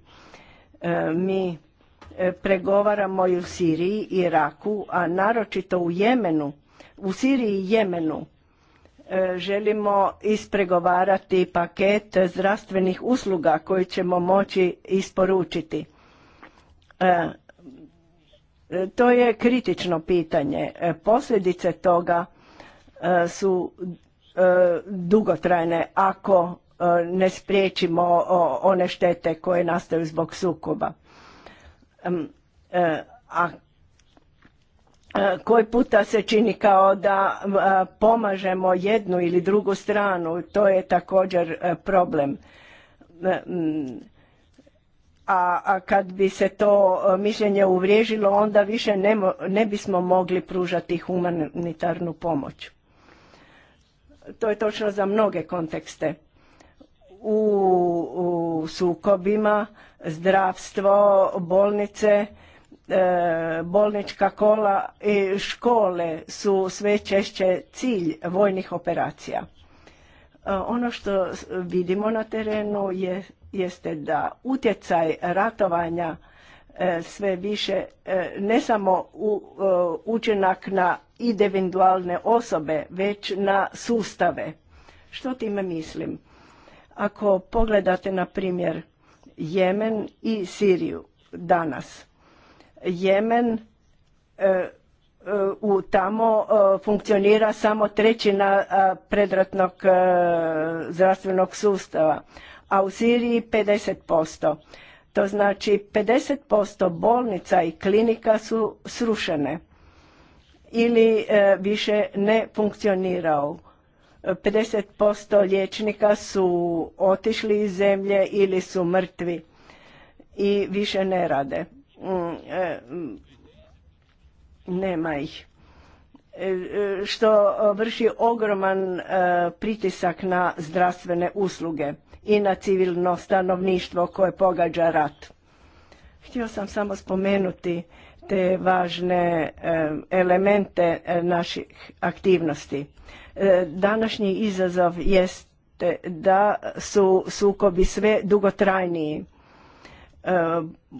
Mi pregovaramo i u Siriji i Iraku, a naročito u Jemenu, u Siriji i Jemenu E, želimo ispregovarati paket zdravstvenih usluga koji ćemo moći isporučiti. E, e, to je kritično pitanje. Posljedice toga su dugotrajne ako ne spriječimo one štete koje nastaju zbog sukoba. A E, koji puta se čini kao da e, pomažemo jednu ili drugu stranu, to je također e, problem. Mm, a kad bi se to mišljenje uvriježilo, onda više ne, bismo mogli pružati humanitarnu pomoć. To je točno za mnoge kontekste. u sukobima, zdravstvo, bolnice, E, bolnička kola i škole su sve češće cilj vojnih operacija. E, ono što vidimo na terenu je, jeste da utjecaj ratovanja e, sve više ne samo u, učinak na individualne osobe, već na sustave. Što time mislim? Ako pogledate na primjer Jemen i Siriju danas, Jemen e, e, u tamo e, funkcionira samo trećina predratnog zdravstvenog sustava, a u Siriji 50%. To znači 50% bolnica i klinika su srušene ili više ne funkcionirao. 50% liječnika su otišli iz zemlje ili su mrtvi i više ne rade. Mm, e, mm, nema ih e, e, što vrši ogroman pritisak na zdravstvene usluge i na civilno stanovništvo koje pogađa rat. Htio sam samo spomenuti te važne elemente naših aktivnosti. Današnji izazov jest da su sukobi sve dugotrajniji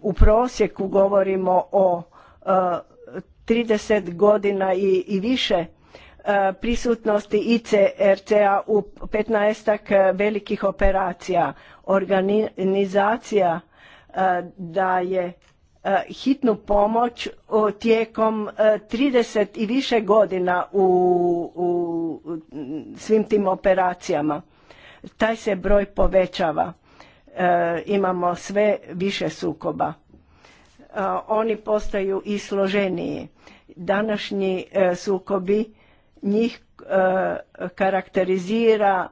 u prosjeku govorimo o 30 e, godina i, više e, prisutnosti ICRC-a u 15 velikih operacija. Organizacija e, da je hitnu pomoć tijekom 30 i više godina u, u svim tim operacijama. Taj se broj povećava. E, imamo sve više sukoba. E, oni postaju i složeniji. Današnji e, sukobi njih karakterizira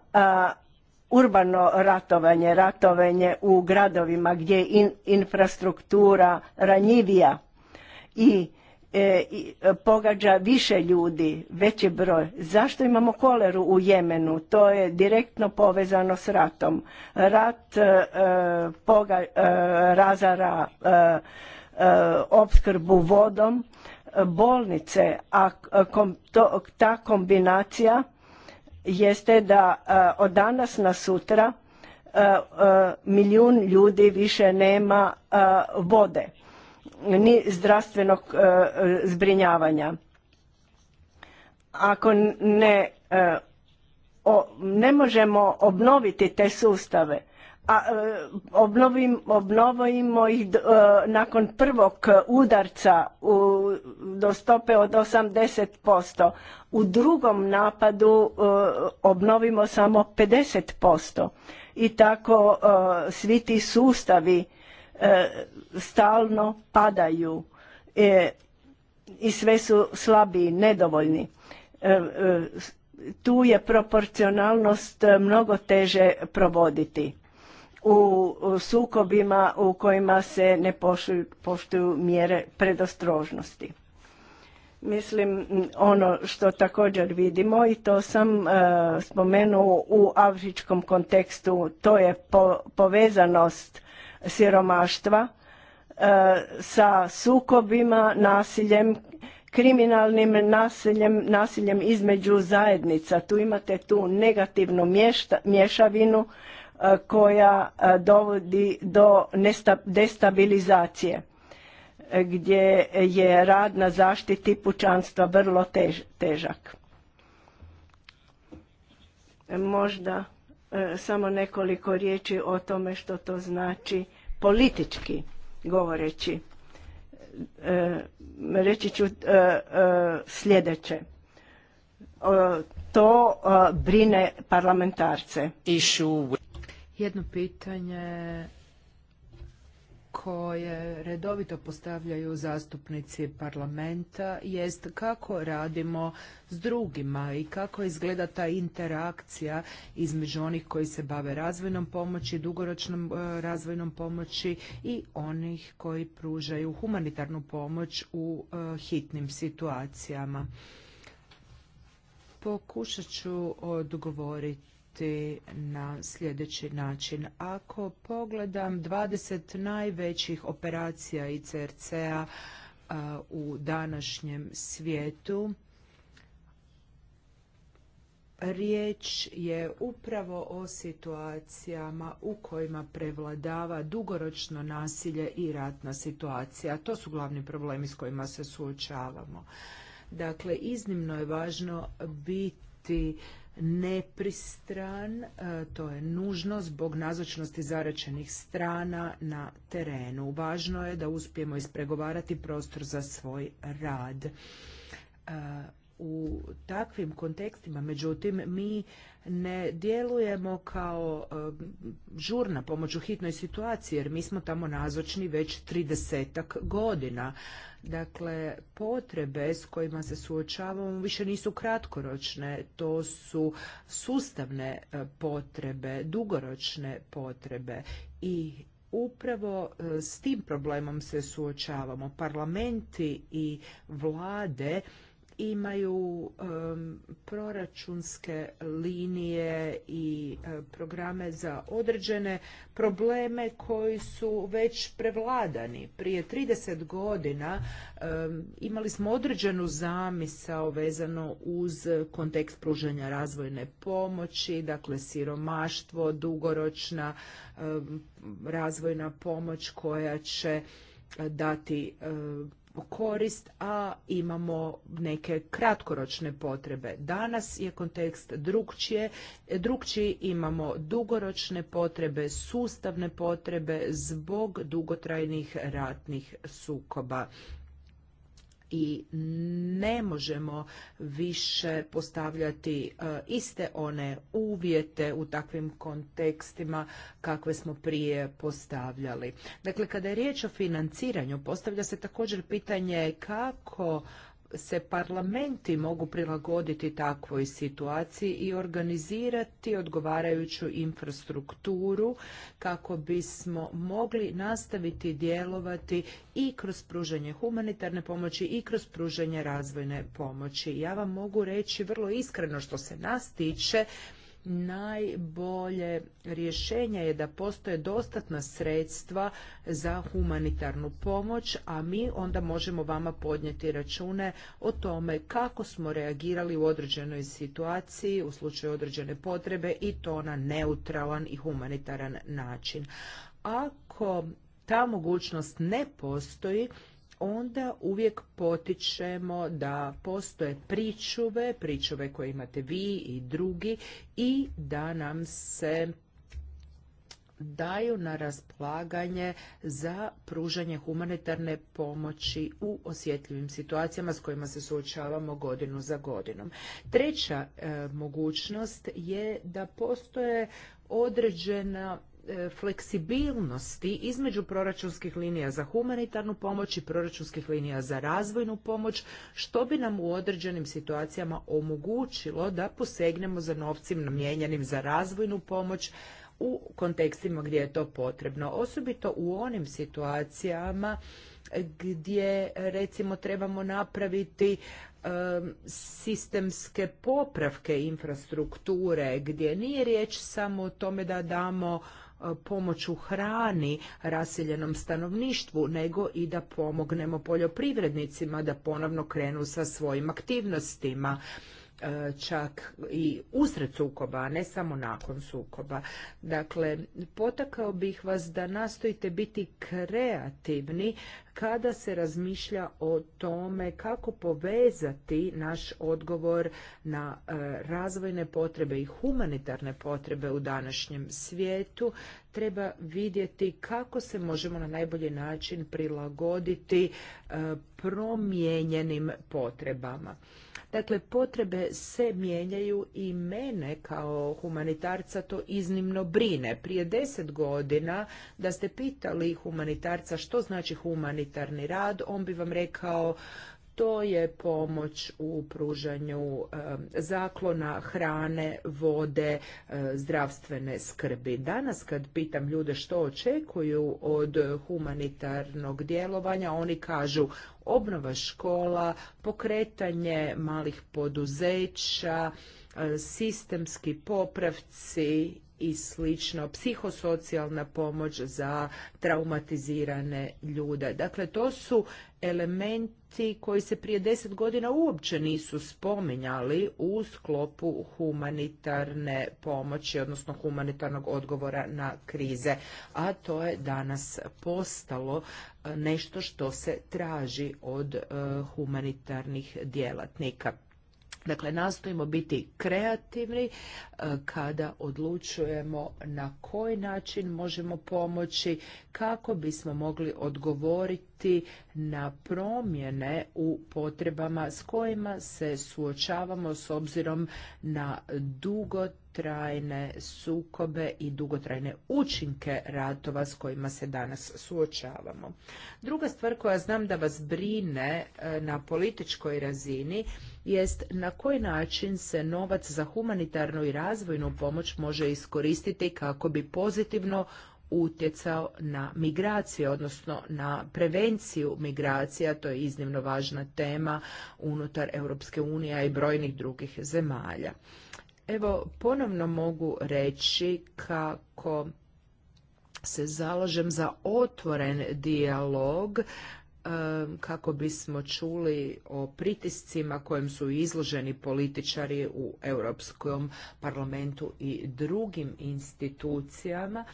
urbano ratovanje, ratovanje u gradovima gdje je infrastruktura ranjivija i E, e, pogađa više ljudi, veći broj. Zašto imamo koleru u Jemenu? To je direktno povezano s ratom. Rat e, e, poga, razara opskrbu vodom, bolnice, a ta kombinacija jeste da od danas na sutra milijun ljudi više nema vode ni zdravstvenog e, zbrinjavanja. Ako ne, e, ne možemo obnoviti te sustave, a e, obnovimo ih nakon prvog udarca do stope od 80%. U drugom napadu obnovimo samo 50%. I tako svi ti sustavi E, stalno padaju e, i sve su slabiji, nedovoljni. E, tu je proporcionalnost mnogo teže provoditi u sukobima u kojima se ne poštuju, mjere predostrožnosti. Mislim, ono što također vidimo i to sam spomenuo u afričkom kontekstu, to je povezanost siromaštva e, sa sukobima, nasiljem, kriminalnim nasiljem, nasiljem između zajednica. Tu imate tu negativnu mješavinu e, koja e, dovodi do destabilizacije gdje je rad na zaštiti pučanstva vrlo težak. Možda E, samo nekoliko riječi o tome što to znači politički govoreći. E, reći ću e, sljedeće. To brine parlamentarce. Jedno pitanje koje redovito postavljaju zastupnici parlamenta jest kako radimo s drugima i kako izgleda ta interakcija između onih koji se bave razvojnom pomoći, dugoročnom e, razvojnom pomoći i onih koji pružaju humanitarnu pomoć u e, hitnim situacijama. Pokušat ću odgovoriti na sljedeći način. Ako pogledam 20 najvećih operacija ICRC-a u današnjem svijetu, riječ je upravo o situacijama u kojima prevladava dugoročno nasilje i ratna situacija. To su glavni problemi s kojima se suočavamo. Dakle, iznimno je važno biti nepristran, e, to je nužno zbog nazočnosti zaračenih strana na terenu. Važno je da uspijemo ispregovarati prostor za svoj rad e, u takvim kontekstima, međutim, mi ne djelujemo kao žurna pomoć u hitnoj situaciji, jer mi smo tamo nazočni već tridesetak godina. Dakle, potrebe s kojima se suočavamo više nisu kratkoročne, to su sustavne e, potrebe, dugoročne potrebe i upravo e, s tim problemom se suočavamo. Parlamenti i vlade imaju proračunske linije i programe za određene probleme koji su već prevladani. Prije 30 godina imali smo određenu zamisao vezano uz kontekst pružanja razvojne pomoći, dakle siromaštvo, dugoročna razvojna pomoć koja će dati korist, a imamo neke kratkoročne potrebe. Danas je kontekst drugčije, drugčiji imamo dugoročne potrebe, sustavne potrebe zbog dugotrajnih ratnih sukoba i ne možemo više postavljati e, iste one uvjete u takvim kontekstima kakve smo prije postavljali. Dakle, kada je riječ o financiranju, postavlja se također pitanje kako se parlamenti mogu prilagoditi takvoj situaciji i organizirati odgovarajuću infrastrukturu kako bismo mogli nastaviti djelovati i kroz pružanje humanitarne pomoći i kroz pružanje razvojne pomoći. Ja vam mogu reći vrlo iskreno što se nas tiče, najbolje rješenje je da postoje dostatna sredstva za humanitarnu pomoć, a mi onda možemo vama podnijeti račune o tome kako smo reagirali u određenoj situaciji, u slučaju određene potrebe i to na neutralan i humanitaran način. Ako ta mogućnost ne postoji, onda uvijek potičemo da postoje pričuve, pričuve koje imate vi i drugi i da nam se daju na raspolaganje za pružanje humanitarne pomoći u osjetljivim situacijama s kojima se suočavamo godinu za godinom. Treća e, mogućnost je da postoje određena E, fleksibilnosti između proračunskih linija za humanitarnu pomoć i proračunskih linija za razvojnu pomoć, što bi nam u određenim situacijama omogućilo da posegnemo za novcim namijenjenim za razvojnu pomoć u kontekstima gdje je to potrebno. Osobito u onim situacijama gdje recimo trebamo napraviti sistemske popravke infrastrukture, gdje nije riječ samo o tome da damo pomoć u hrani raseljenom stanovništvu, nego i da pomognemo poljoprivrednicima da ponovno krenu sa svojim aktivnostima. E, čak i usred sukoba, a ne samo nakon sukoba. Dakle, potakao bih vas da nastojite biti kreativni kada se razmišlja o tome kako povezati naš odgovor na e, razvojne potrebe i humanitarne potrebe u današnjem svijetu, treba vidjeti kako se možemo na najbolji način prilagoditi e, promijenjenim potrebama. Dakle, potrebe se mijenjaju i mene kao humanitarca to iznimno brine. Prije deset godina da ste pitali humanitarca što znači humanitarni rad, on bi vam rekao to je pomoć u pružanju zaklona, hrane, vode, zdravstvene skrbi. Danas kad pitam ljude što očekuju od humanitarnog djelovanja, oni kažu obnova škola, pokretanje malih poduzeća, sistemski popravci i slično, psihosocijalna pomoć za traumatizirane ljude. Dakle, to su elementi koji se prije deset godina uopće nisu spominjali u sklopu humanitarne pomoći, odnosno humanitarnog odgovora na krize. A to je danas postalo e, nešto što se traži od e, humanitarnih djelatnika. Dakle, nastojimo biti kreativni e, kada odlučujemo na koji način možemo pomoći, kako bismo mogli odgovoriti na promjene u potrebama s kojima se suočavamo s obzirom na dugo dugotrajne sukobe i dugotrajne učinke ratova s kojima se danas suočavamo. Druga stvar koja znam da vas brine e, na političkoj razini jest na koji način se novac za humanitarnu i razvojnu pomoć može iskoristiti kako bi pozitivno utjecao na migracije, odnosno na prevenciju migracija, to je iznimno važna tema unutar Europske unije i brojnih drugih zemalja. Evo, ponovno mogu reći kako se zalažem za otvoren dijalog e, kako bismo čuli o pritiscima kojim su izloženi političari u Europskom parlamentu i drugim institucijama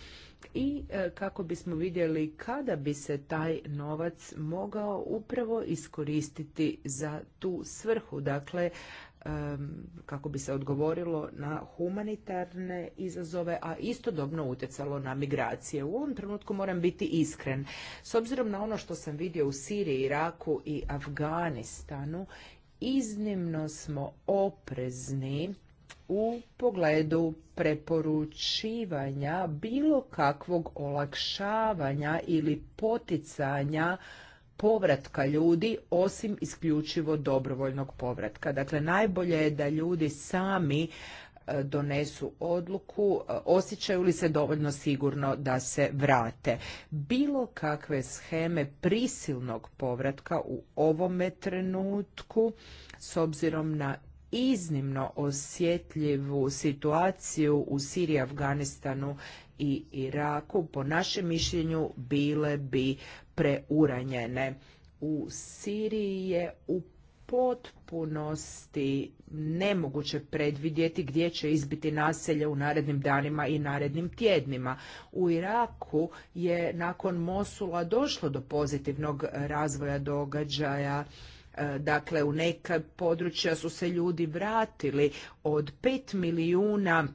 i e, kako bismo vidjeli kada bi se taj novac mogao upravo iskoristiti za tu svrhu. Dakle, kako bi se odgovorilo na humanitarne izazove, a istodobno utjecalo na migracije. U ovom trenutku moram biti iskren. S obzirom na ono što sam vidio u Siriji, Iraku i Afganistanu, iznimno smo oprezni u pogledu preporučivanja bilo kakvog olakšavanja ili poticanja povratka ljudi osim isključivo dobrovoljnog povratka. Dakle, najbolje je da ljudi sami e, donesu odluku, e, osjećaju li se dovoljno sigurno da se vrate. Bilo kakve scheme prisilnog povratka u ovome trenutku, s obzirom na iznimno osjetljivu situaciju u Siriji, Afganistanu i Iraku, po našem mišljenju bile bi preuranjene. U Siriji je u potpunosti nemoguće predvidjeti gdje će izbiti naselje u narednim danima i narednim tjednima. U Iraku je nakon Mosula došlo do pozitivnog razvoja događaja. E, dakle, u neka područja su se ljudi vratili od 5 milijuna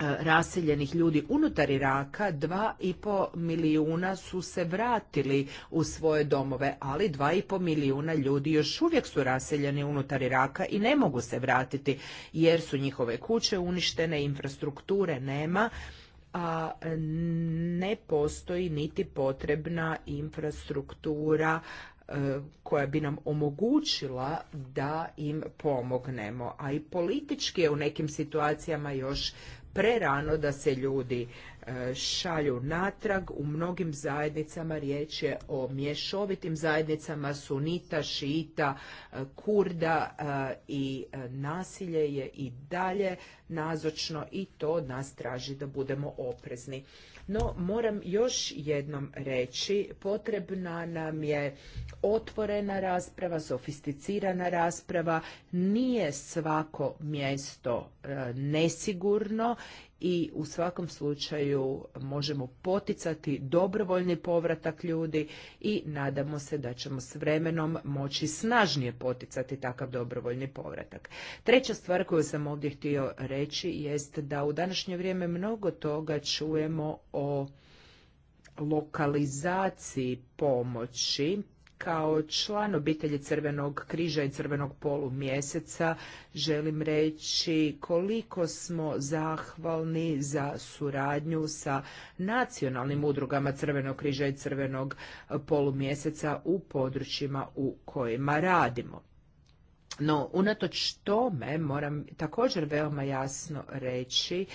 E, raseljenih ljudi unutar Iraka, dva i milijuna su se vratili u svoje domove, ali dva i milijuna ljudi još uvijek su raseljeni unutar Iraka i ne mogu se vratiti jer su njihove kuće uništene, infrastrukture nema, a ne postoji niti potrebna infrastruktura e, koja bi nam omogućila da im pomognemo. A i politički je u nekim situacijama još prerano da se ljudi e, šalju natrag. U mnogim zajednicama riječ je o mješovitim zajednicama sunita, šita, e, kurda e, i nasilje je i dalje nazočno i to od nas traži da budemo oprezni. No, moram još jednom reći, potrebna nam je otvorena rasprava, sofisticirana rasprava, nije svako mjesto e, nesigurno i u svakom slučaju možemo poticati dobrovoljni povratak ljudi i nadamo se da ćemo s vremenom moći snažnije poticati takav dobrovoljni povratak. Treća stvar koju sam ovdje htio reći jest da u današnje vrijeme mnogo toga čujemo o lokalizaciji pomoći kao član obitelji Crvenog križa i Crvenog polu mjeseca želim reći koliko smo zahvalni za suradnju sa nacionalnim udrugama Crvenog križa i Crvenog polu mjeseca u područjima u kojima radimo. No, unatoč tome moram također veoma jasno reći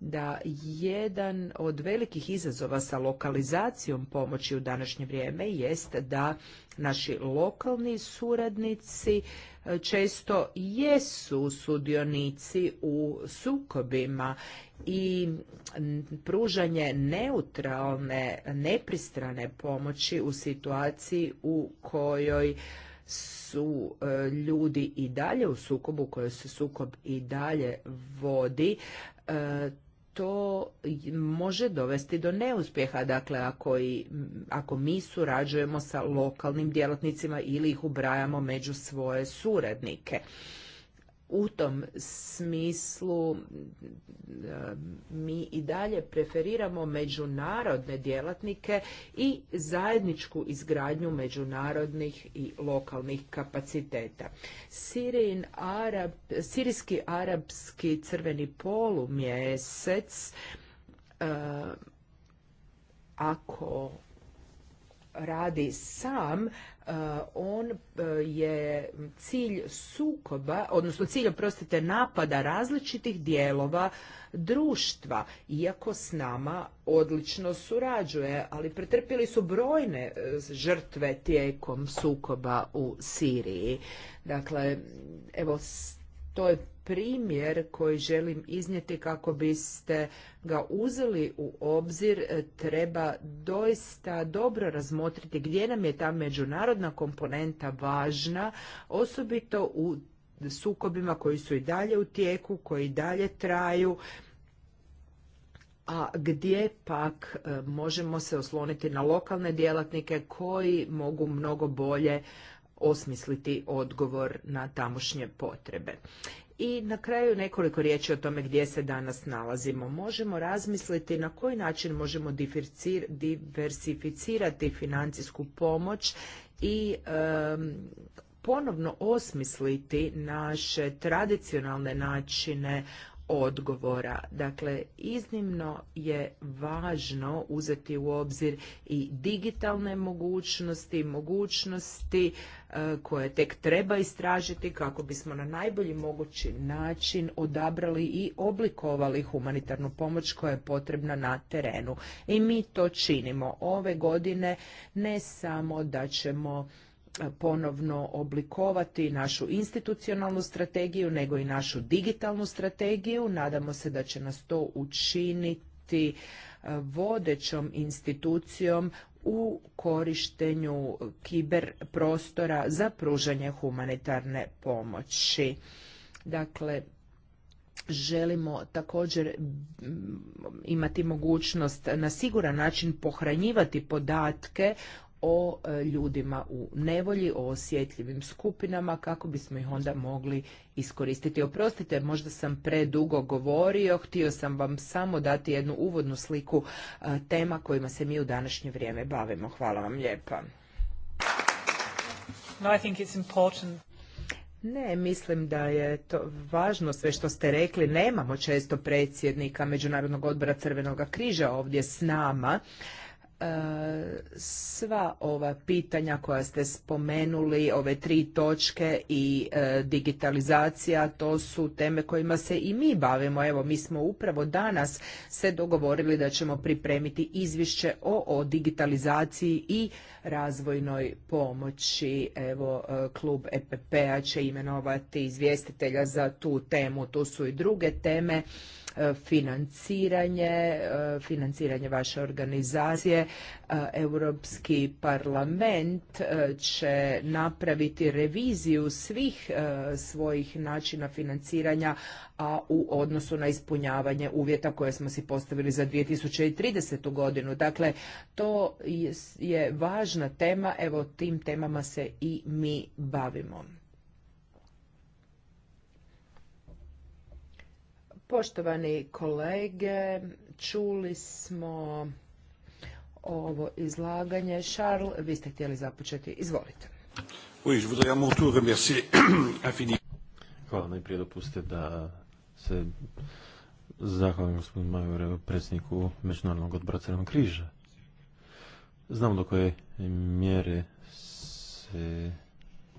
da jedan od velikih izazova sa lokalizacijom pomoći u današnje vrijeme jest da naši lokalni suradnici e, često jesu sudionici u sukobima i pružanje neutralne, nepristrane pomoći u situaciji u kojoj su e, ljudi i dalje u sukobu, u kojoj se sukob i dalje vodi, e, to može dovesti do neuspjeha. Dakle, ako, i, ako mi surađujemo sa lokalnim djelatnicima ili ih ubrajamo među svoje suradnike u tom smislu mi i dalje preferiramo međunarodne djelatnike i zajedničku izgradnju međunarodnih i lokalnih kapaciteta. sirijski arapski crveni polumjesec e, ako radi sam E, on e, je cilj sukoba, odnosno cilj, oprostite, napada različitih dijelova društva, iako s nama odlično surađuje, ali pretrpjeli su brojne e, žrtve tijekom sukoba u Siriji. Dakle, evo, to je primjer koji želim iznijeti kako biste ga uzeli u obzir e, treba doista dobro razmotriti gdje nam je ta međunarodna komponenta važna, osobito u sukobima koji su i dalje u tijeku, koji dalje traju, a gdje pak e, možemo se osloniti na lokalne djelatnike koji mogu mnogo bolje osmisliti odgovor na tamošnje potrebe. I na kraju nekoliko riječi o tome gdje se danas nalazimo. Možemo razmisliti na koji način možemo diversificirati financijsku pomoć i ponovno osmisliti naše tradicionalne načine odgovora. Dakle, iznimno je važno uzeti u obzir i digitalne mogućnosti, mogućnosti e, koje tek treba istražiti kako bismo na najbolji mogući način odabrali i oblikovali humanitarnu pomoć koja je potrebna na terenu. I mi to činimo. Ove godine ne samo da ćemo ponovno oblikovati našu institucionalnu strategiju nego i našu digitalnu strategiju. Nadamo se da će nas to učiniti e, vodećom institucijom u korištenju kiber prostora za pružanje humanitarne pomoći. Dakle, želimo također imati mogućnost na siguran način pohranjivati podatke o e, ljudima u nevolji, o osjetljivim skupinama kako bismo ih onda mogli iskoristiti. Oprostite, možda sam predugo govorio, htio sam vam samo dati jednu uvodnu sliku e, tema kojima se mi u današnje vrijeme bavimo. Hvala vam lijepa. No, I think it's important. Ne, mislim da je to važno sve što ste rekli. Nemamo često predsjednika Međunarodnog odbora Crvenog križa ovdje s nama. E, sva ova pitanja koja ste spomenuli, ove tri točke i e, digitalizacija, to su teme kojima se i mi bavimo. Evo, mi smo upravo danas se dogovorili da ćemo pripremiti izvješće o, o digitalizaciji i razvojnoj pomoći. Evo, e, klub EPP-a će imenovati izvjestitelja za tu temu. Tu su i druge teme E, financiranje, e, financiranje vaše organizacije. E, Europski parlament će napraviti reviziju svih svojih načina financiranja, a u odnosu na ispunjavanje uvjeta koje smo si postavili za 2030. godinu. Dakle, to je važna tema, evo tim temama se i mi bavimo. Poštovani kolege, čuli smo ovo izlaganje. Šarl, vi ste htjeli započeti. Izvolite. Hvala najprije dopustite da se zahvalim gospodinu Majorevu, predsjedniku Međunarodnog odbora Crvenog križa. Znam do koje mjere se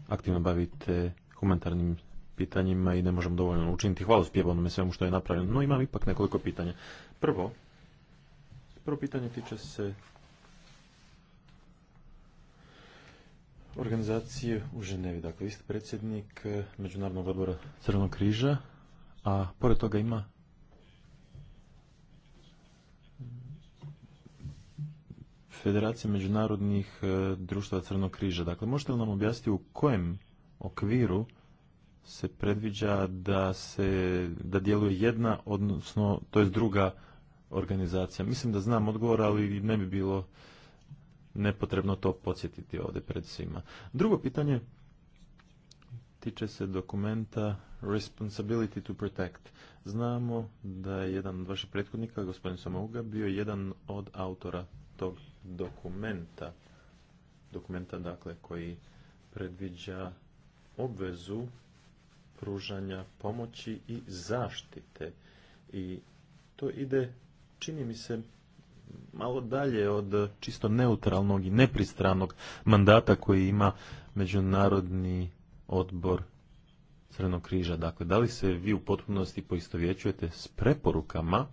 aktivno bavite humanitarnim pitanjima i ne možemo dovoljno učiniti. Hvala spjeva onome svemu što je napravljeno. No imam ipak nekoliko pitanja. Prvo, prvo pitanje tiče se organizacije u Ženevi. Dakle, vi ste predsjednik eh, Međunarodnog odbora Crvenog križa, a pored toga ima Federacija međunarodnih eh, društava Crvenog križa. Dakle, možete li nam objasniti u kojem okviru se predviđa da se da djeluje jedna odnosno to jest druga organizacija. Mislim da znam odgovor, ali ne bi bilo nepotrebno to podsjetiti ovdje pred svima. Drugo pitanje tiče se dokumenta Responsibility to Protect. Znamo da je jedan od vaših prethodnika, gospodin Samouga, bio jedan od autora tog dokumenta. Dokumenta, dakle, koji predviđa obvezu pružanja pomoći i zaštite. I to ide, čini mi se, malo dalje od čisto neutralnog i nepristranog mandata koji ima Međunarodni odbor Crvenog križa. Dakle, da li se vi u potpunosti poistovjećujete s preporukama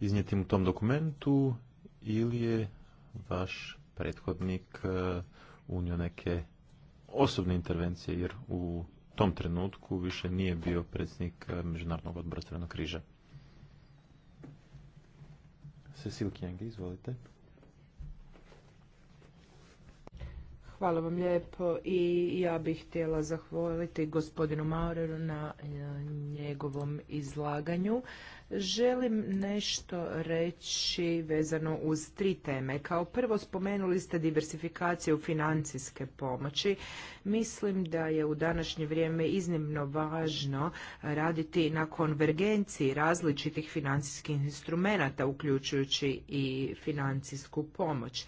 iznijetim u tom dokumentu ili je vaš prethodnik eh, unio neke osobne intervencije, jer u tom trenutku više nije bio predsjednik eh, Međunarodnog odbora Crvenog križa. Cecil Kjenge, izvolite. Hvala vam lijepo i ja bih htjela zahvaliti gospodinu Maureru na njegovom izlaganju. Želim nešto reći vezano uz tri teme. Kao prvo spomenuli ste diversifikaciju financijske pomoći. Mislim da je u današnje vrijeme iznimno važno raditi na konvergenciji različitih financijskih instrumenata, uključujući i financijsku pomoć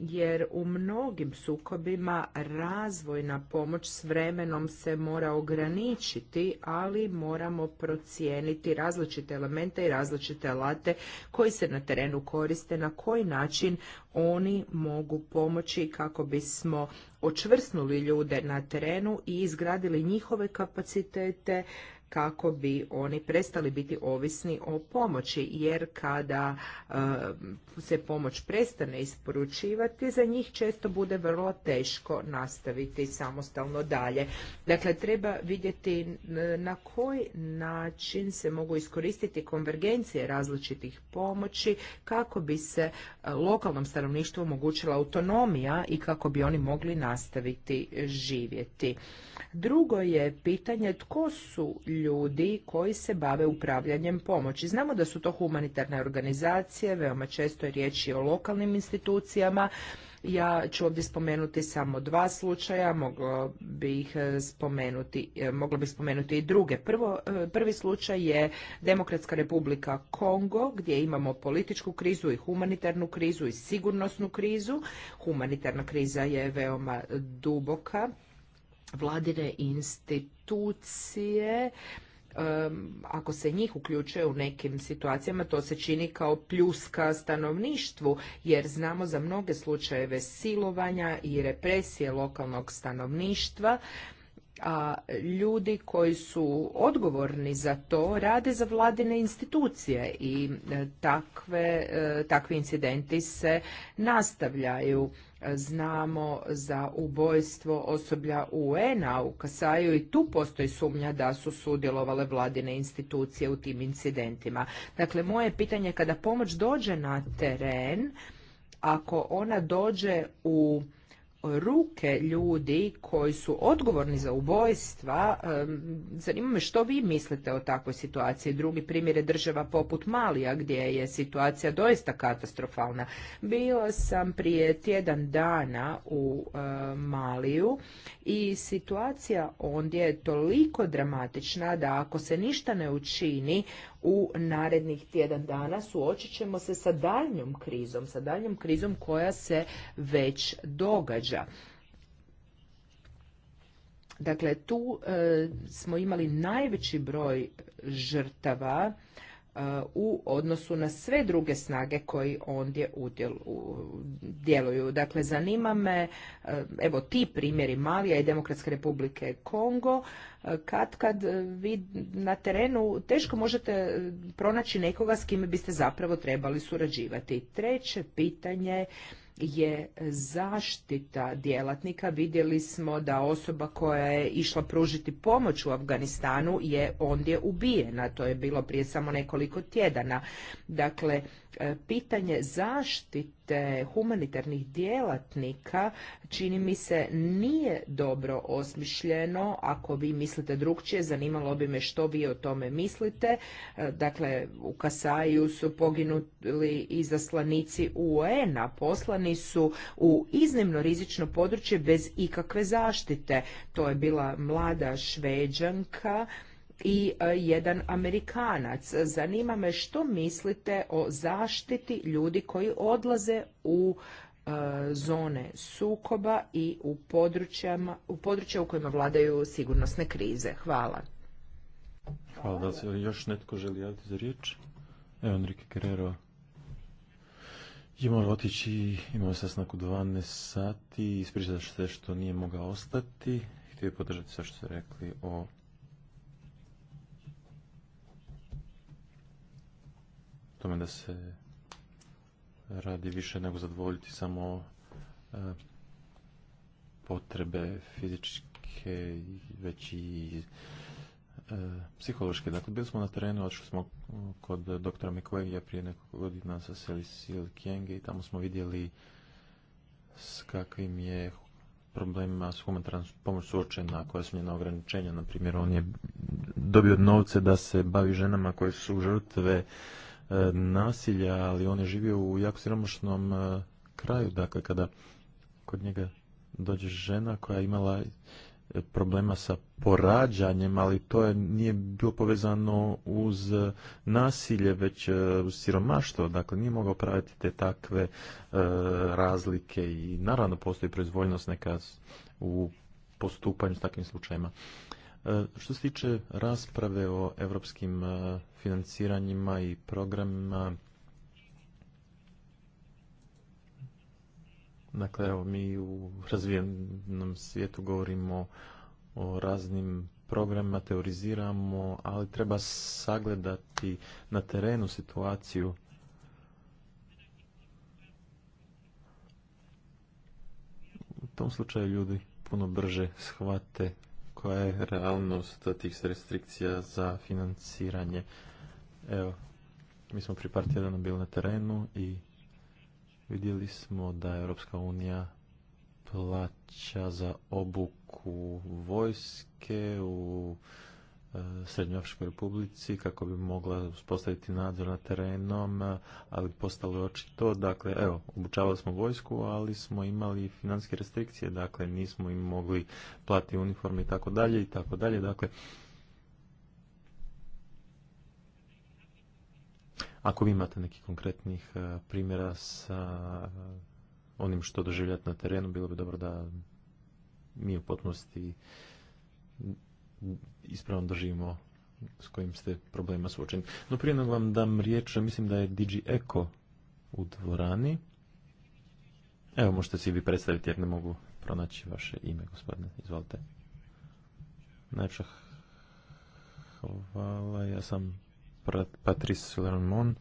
jer u mnogim sukobima razvojna pomoć s vremenom se mora ograničiti, ali moramo procijeniti različite elemente i različite alate koji se na terenu koriste, na koji način oni mogu pomoći kako bismo očvrsnuli ljude na terenu i izgradili njihove kapacitete kako bi oni prestali biti ovisni o pomoći jer kada e, se pomoć prestane isporučivati za njih često bude vrlo teško nastaviti samostalno dalje. Dakle treba vidjeti na koji način se mogu iskoristiti konvergencije različitih pomoći kako bi se e, lokalnom stanovništvu omogućila autonomija i kako bi oni mogli nastaviti živjeti. Drugo je pitanje tko su ljudi koji se bave upravljanjem pomoći. Znamo da su to humanitarne organizacije, veoma često je riječ o lokalnim institucijama. Ja ću ovdje spomenuti samo dva slučaja, moglo bih spomenuti, eh, moglo bih spomenuti i druge. Prvo, eh, prvi slučaj je Demokratska republika Kongo gdje imamo političku krizu i humanitarnu krizu i sigurnosnu krizu. Humanitarna kriza je veoma duboka vladine institucije ako se njih uključuje u nekim situacijama, to se čini kao pljuska stanovništvu, jer znamo za mnoge slučajeve silovanja i represije lokalnog stanovništva, a ljudi koji su odgovorni za to rade za vladine institucije i e, takve, e, takvi incidenti se nastavljaju znamo za ubojstvo osoblja UN-a u Kasaju i tu postoji sumnja da su sudjelovale vladine institucije u tim incidentima. Dakle, moje pitanje je kada pomoć dođe na teren, ako ona dođe u ruke ljudi koji su odgovorni za ubojstva, zanima me što vi mislite o takvoj situaciji. Drugi primjer je država poput Malija gdje je situacija doista katastrofalna. Bila sam prije tjedan dana u Maliju i situacija ondje je toliko dramatična da ako se ništa ne učini, u narednih tjedan dana suočit ćemo se sa daljnjom krizom, sa daljnjom krizom koja se već događa. Dakle, tu e, smo imali najveći broj žrtava E, u odnosu na sve druge snage koji ondje djeluju. Dakle, zanima me, e, evo ti primjeri Malija i Demokratske republike Kongo, e, kad kad vi na terenu teško možete pronaći nekoga s kime biste zapravo trebali surađivati. Treće pitanje je zaštita djelatnika. Vidjeli smo da osoba koja je išla pružiti pomoć u Afganistanu je ondje ubijena. To je bilo prije samo nekoliko tjedana. Dakle, E, pitanje zaštite humanitarnih djelatnika čini mi se nije dobro osmišljeno. Ako vi mislite drugčije, zanimalo bi me što vi o tome mislite. E, dakle, u Kasaju su poginuli izaslanici UN-a. Poslani su u iznimno rizično područje bez ikakve zaštite. To je bila mlada šveđanka i e, jedan Amerikanac. Zanima me što mislite o zaštiti ljudi koji odlaze u e, zone sukoba i u područjama, u područja u kojima vladaju sigurnosne krize. Hvala. Hvala. Da se još netko želi javiti za riječ? Evo Enrique Guerrero. Imao otići, imao sasnak u 12 sati, ispričati se što nije mogao ostati. Htio je podržati sve što ste rekli o tome da se radi više nego zadovoljiti samo e, potrebe fizičke već i e, psihološke. Dakle, bili smo na terenu, otišli smo kod doktora Mikvegija prije nekoliko godina sa Selisil Kjenge i tamo smo vidjeli s kakvim je problemima s humanitarnom pomoć suočena, koja su njena ograničenja. Na primjer, on je dobio novce da se bavi ženama koje su žrtve E, nasilja, ali on je živio u jako siromašnom e, kraju, dakle kada kod njega dođe žena koja je imala e, problema sa porađanjem, ali to je, nije bilo povezano uz nasilje, već uz siromaštvo. Dakle, nije mogao praviti te takve razlike i naravno postoji proizvoljnost neka u postupanju s takvim slučajima. što se tiče rasprave o evropskim financiranjima i programima. Dakle, evo, mi u razvijenom svijetu govorimo o raznim programima, teoriziramo, ali treba sagledati na terenu situaciju. U tom slučaju ljudi puno brže shvate koja je realnost tih restrikcija za financiranje. Evo, mi smo pri par tjedana bili na terenu i vidjeli smo da je Europska unija plaća za obuku vojske u e, Srednjoafričkoj republici kako bi mogla uspostaviti nadzor na terenom, ali postalo je očito, dakle, evo, obučavali smo vojsku, ali smo imali financijske restrikcije, dakle, nismo im mogli platiti uniforme i tako dalje i tako dalje, dakle, Ako vi imate nekih konkretnih e, primjera sa onim što doživljate na terenu, bilo bi dobro da mi u potpunosti ispravno držimo s kojim ste problema suočeni. No prije nego vam dam riječ, mislim da je Digi Eko u dvorani. Evo, možete si vi predstaviti jer ne mogu pronaći vaše ime, gospodine. Izvolite. Najpša hvala, ja sam Patrice Lermon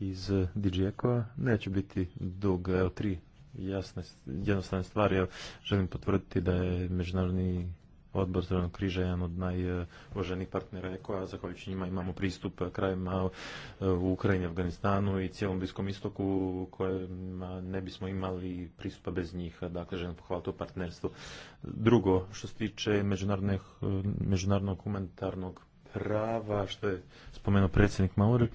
iz DJEKO-a. Neće biti dug, l tri jasne, jednostavne stvari. želim potvrditi da je Međunarodni odbor Zelenog križa jedan od najvoženijih partnera EKO-a, zahvaljujući njima imamo pristup krajima e, u Ukrajini, Afganistanu i cijelom Bliskom istoku kojima ne bismo imali pristupa bez njih. Dakle, želim pohvaliti to partnerstvu. Drugo, što se tiče e, međunarodnog humanitarnog prava, što je spomenuo predsjednik Mauri,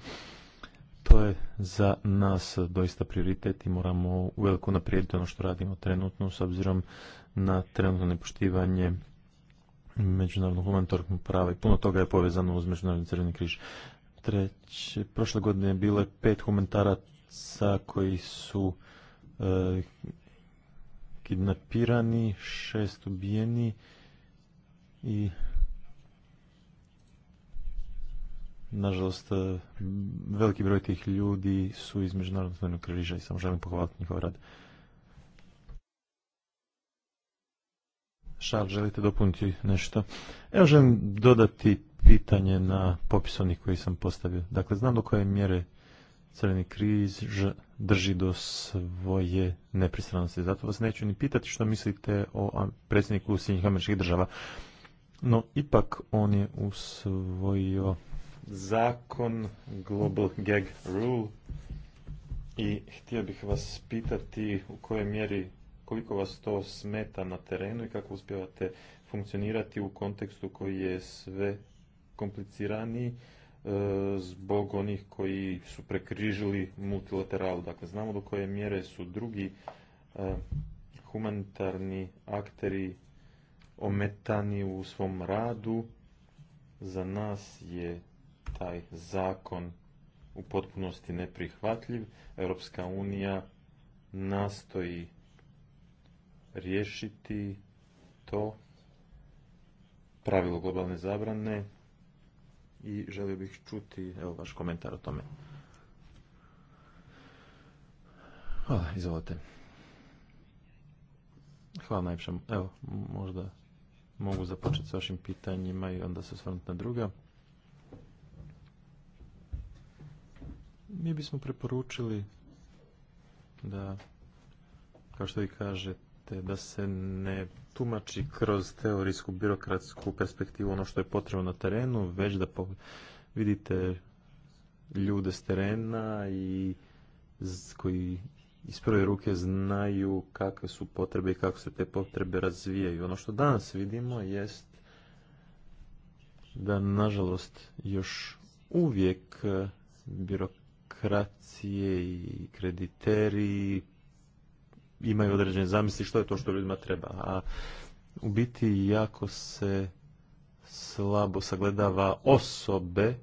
to je za nas doista prioritet i moramo uveliko naprijediti ono što radimo trenutno s obzirom na trenutno nepoštivanje međunarodnog humanitarnog prava i puno toga je povezano uz Međunarodni crveni križ. Treće, prošle godine je bilo pet humanitaraca koji su e, kidnapirani, šest ubijeni i Nažalost, e, veliki broj tih ljudi su iz Međunarodnog crvenog križa i samo želim pohvaliti njihov rad. Šal, želite dopuniti nešto? Evo želim dodati pitanje na popis onih koji sam postavio. Dakle, znam do koje mjere Crveni križ drži do svoje nepristranosti. Zato vas neću ni pitati što mislite o predsjedniku Sjednjih američkih država. No, ipak on je usvojio zakon Global Gag Rule i htio bih vas pitati u kojoj mjeri, koliko vas to smeta na terenu i kako uspjevate funkcionirati u kontekstu koji je sve kompliciraniji e, zbog onih koji su prekrižili multilateralu. Dakle, znamo do koje mjere su drugi e, humanitarni akteri ometani u svom radu. Za nas je taj zakon u potpunosti neprihvatljiv. Europska unija nastoji riješiti to pravilo globalne zabrane i želio bih čuti evo vaš komentar o tome. Hvala, izvolite. Hvala najviše. Evo, možda mogu započeti s vašim pitanjima i onda se osvrnuti na druga. mi bismo preporučili da, kao što vi kažete, da se ne tumači kroz teorijsku birokratsku perspektivu ono što je potrebno na terenu, već da vidite ljude s terena i koji iz prve ruke znaju kakve su potrebe i kako se te potrebe razvijaju. Ono što danas vidimo jest da nažalost još uvijek eh, birok birokracije i krediteri imaju određene zamisli što je to što ljudima treba. A u biti jako se slabo sagledava osobe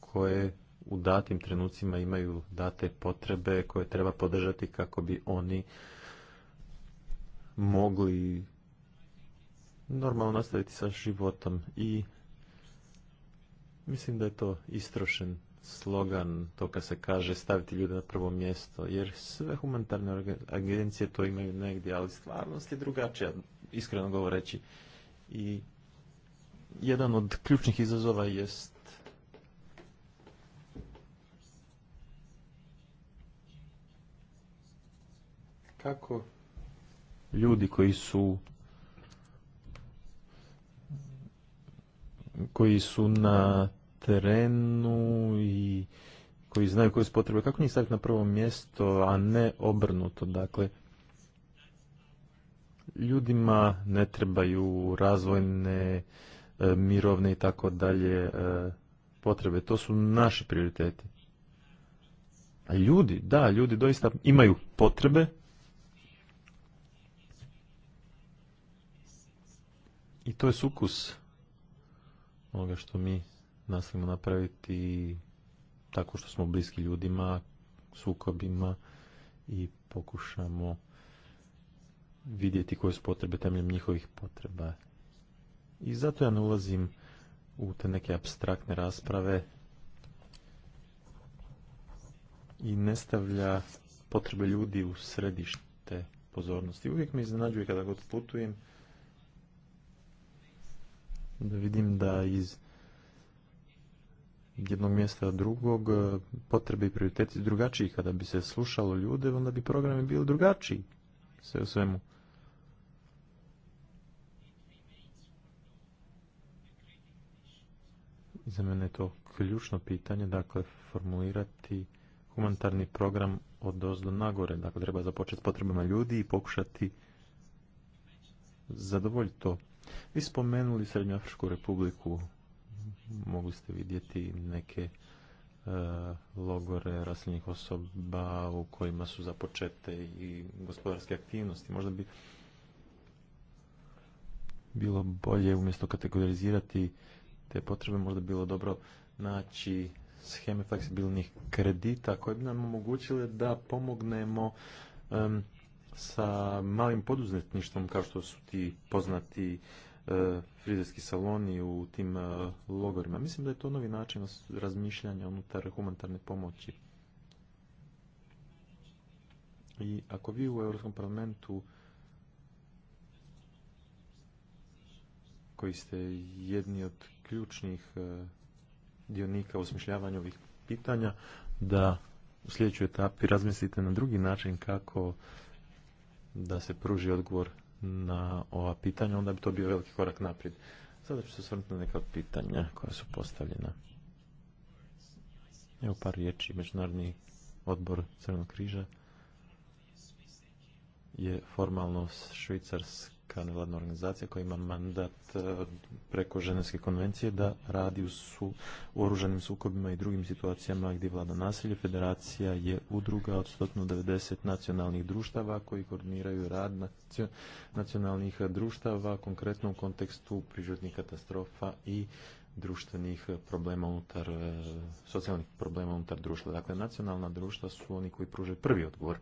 koje u datim trenucima imaju date potrebe koje treba podržati kako bi oni mogli normalno nastaviti sa životom i mislim da je to istrošen slogan, to kad se kaže staviti ljude na prvo mjesto, jer sve humanitarne agencije to imaju negdje, ali stvarnost je drugačija, iskreno govoreći. I jedan od ključnih izazova jest kako ljudi koji su koji su na terenu i koji znaju koje su potrebe, kako njih staviti na prvo mjesto, a ne obrnuto. Dakle, ljudima ne trebaju razvojne, e, mirovne i tako dalje e, potrebe. To su naši prioriteti. A ljudi, da, ljudi doista imaju potrebe i to je sukus onoga što mi nastavimo napraviti tako što smo bliski ljudima, sukobima i pokušamo vidjeti koje su potrebe temeljem njihovih potreba. I zato ja ne ulazim u te neke abstraktne rasprave i ne stavlja potrebe ljudi u središte pozornosti. Uvijek me iznenađuje kada god putujem da vidim da iz jednog mjesta drugog, e, potrebe i prioriteti drugačiji. Kada bi se slušalo ljude, onda bi programi bili drugačiji. Sve u svemu. za mene je to ključno pitanje, dakle, formulirati humanitarni program od dozdo nagore. Dakle, treba započeti s potrebama ljudi i pokušati zadovoljiti to. Vi spomenuli Srednjoafričku republiku mogli ste vidjeti neke e, logore raseljenih osoba u kojima su započete i gospodarske aktivnosti. Možda bi bilo bolje umjesto kategorizirati te potrebe, možda bi bilo dobro naći scheme fleksibilnih kredita koje bi nam omogućile da pomognemo sa malim poduzetništvom kao što su ti poznati E, frizerski saloni u tim e, logorima. Mislim da je to novi način razmišljanja unutar humanitarne pomoći. I ako vi u Europskom parlamentu koji ste jedni od ključnih e, dionika u osmišljavanju ovih pitanja, da u sljedećoj etapi razmislite na drugi način kako da se pruži odgovor na ova pitanja, onda bi to bio veliki korak naprijed. Sada ću se osvrnuti na neka pitanja koja su postavljena. Evo par riječi. Međunarodni odbor Crvenog križa je formalno švicarski neka nevladna organizacija koja ima mandat e, preko ženevske konvencije da radi u, su, oruženim sukobima i drugim situacijama gdje vlada nasilje. Federacija je udruga od 190 nacionalnih društava koji koordiniraju rad nacionalnih društava konkretno u kontekstu prirodnih katastrofa i društvenih problema unutar, e, socijalnih problema unutar društva. Dakle, nacionalna društva su oni koji pružaju prvi odgovor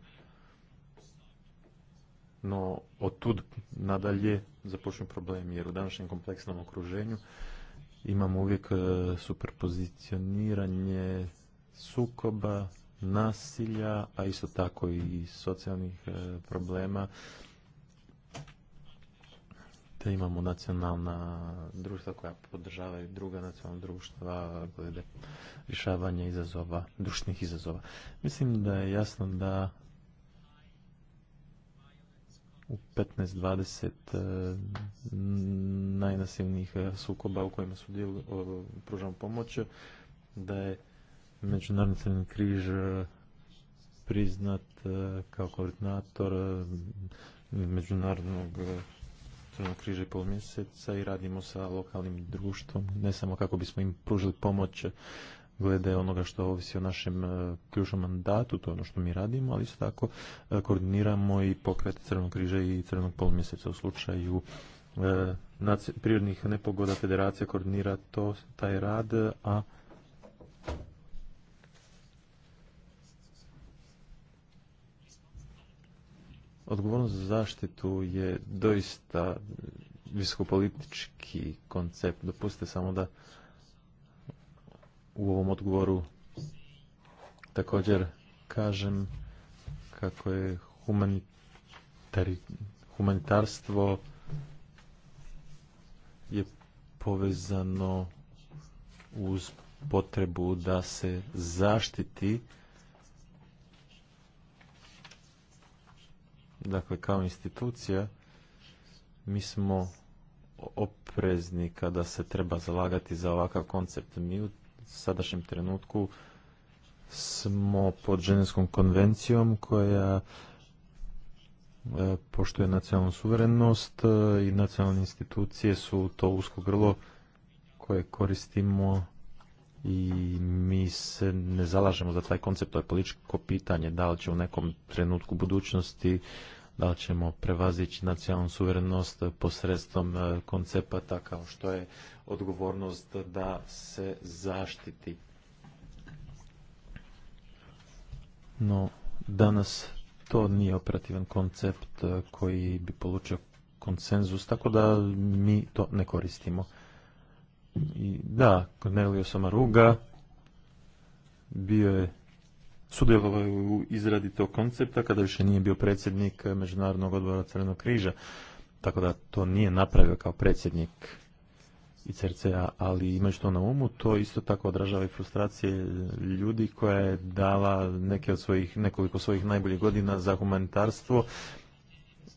no od tud nadalje započnu problem, jer u današnjem kompleksnom okruženju imamo uvijek e, superpozicioniranje sukoba, nasilja, a isto tako i socijalnih e, problema, te imamo nacionalna društva koja podržavaju druga nacionalna društva glede rješavanja izazova, društvenih izazova. Mislim da je jasno da u 15-20 e, najnasilnijih e, sukoba u kojima su pružamo pomoć, da je Međunarodni crveni križ e, priznat kao koordinator Međunarodnog crvenog križa i mjeseca i radimo sa lokalnim društvom, ne samo kako bismo im pružili pomoć glede onoga što ovisi o našem e, ključnom mandatu, to je ono što mi radimo, ali isto tako e, koordiniramo i pokret Crvenog križa i Crvenog polumjeseca u slučaju e, prirodnih nepogoda federacija koordinira to, taj rad, a odgovornost za zaštitu je doista visokopolitički koncept. Dopustite samo da u ovom odgovoru također kažem kako je humanitarstvo je povezano uz potrebu da se zaštiti dakle kao institucija mi smo oprezni kada se treba zalagati za ovakav koncept mi u sadašnjem trenutku smo pod ženevskom konvencijom koja e, poštuje nacionalnu suverenost e, i nacionalne institucije su to usko grlo koje koristimo i mi se ne zalažemo za taj koncept, to je političko pitanje da li će u nekom trenutku budućnosti da li ćemo prevazići nacionalnu suverenost posredstvom e, koncepata kao što je odgovornost da se zaštiti. No, danas to nije operativan koncept e, koji bi polučio konsenzus, tako da mi to ne koristimo. I da, Cornelio Samaruga bio je sudjelovao u izradi tog koncepta kada više nije bio predsjednik Međunarodnog odbora Crvenog križa. Tako da to nije napravio kao predsjednik i CRCA, ali imajući to na umu, to isto tako odražava i frustracije ljudi koja je dala neke od svojih, nekoliko svojih najboljih godina za humanitarstvo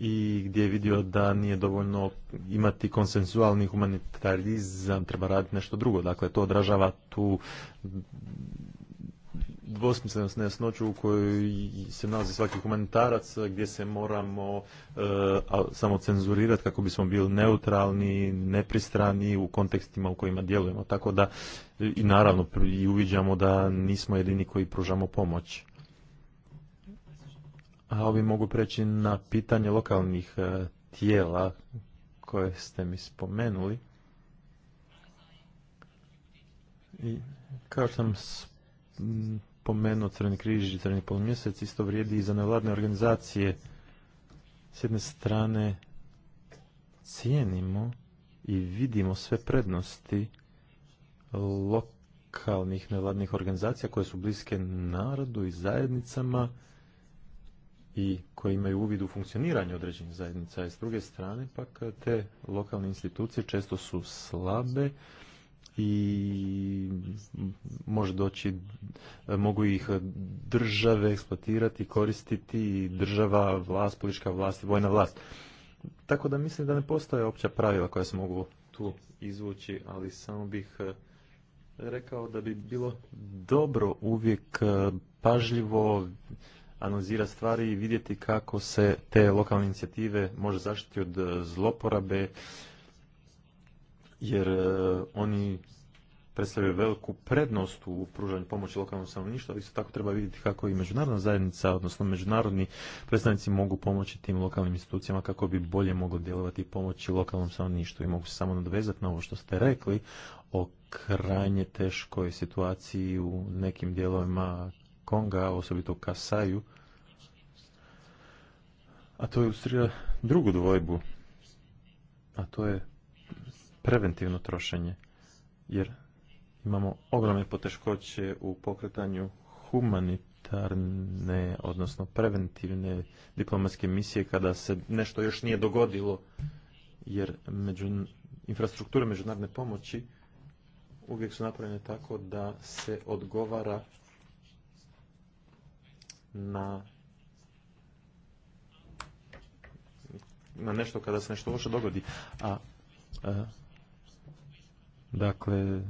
i gdje je vidio da nije dovoljno imati konsensualni humanitarizam, treba raditi nešto drugo. Dakle, to odražava tu dvosmislenost, nejasnoću u kojoj se nalazi svaki komentarac gdje se moramo eh, samo cenzurirati kako bismo bili neutralni, nepristrani u kontekstima u kojima djelujemo. Tako da i naravno i uviđamo da nismo jedini koji pružamo pomoć. A ovi mogu preći na pitanje lokalnih eh, tijela koje ste mi spomenuli. I kao što sam spomenuo Crveni križ i pol polumjesec, isto vrijedi i za nevladne organizacije. S jedne strane cijenimo i vidimo sve prednosti lokalnih nevladnih organizacija koje su bliske narodu i zajednicama i koje imaju uvid u funkcioniranje određenih zajednica. s druge strane, pak te lokalne institucije često su slabe i može doći, mogu ih države eksploatirati, koristiti i država, vlast, politička vlast i vojna vlast. Tako da mislim da ne postoje opća pravila koja se mogu tu izvući, ali samo bih eh, rekao da bi bilo dobro uvijek eh, pažljivo analizirati stvari i vidjeti kako se te lokalne inicijative može zaštiti od eh, zloporabe, jer e, oni predstavljaju veliku prednost u pružanju pomoći lokalnom stanovništvu, ali isto tako treba vidjeti kako i međunarodna zajednica, odnosno međunarodni predstavnici mogu pomoći tim lokalnim institucijama kako bi bolje moglo djelovati i pomoći lokalnom stanovništvu. I mogu se samo nadvezati na ovo što ste rekli o krajnje teškoj situaciji u nekim dijelovima Konga, osobito Kasaju. A to ilustrira drugu dvojbu, a to je preventivno trošenje, jer imamo ogromne poteškoće u pokretanju humanitarne, odnosno preventivne diplomatske misije kada se nešto još nije dogodilo, jer među, infrastrukture međunarodne pomoći uvijek su napravljene tako da se odgovara na na nešto kada se nešto loše dogodi. a e, Dakle,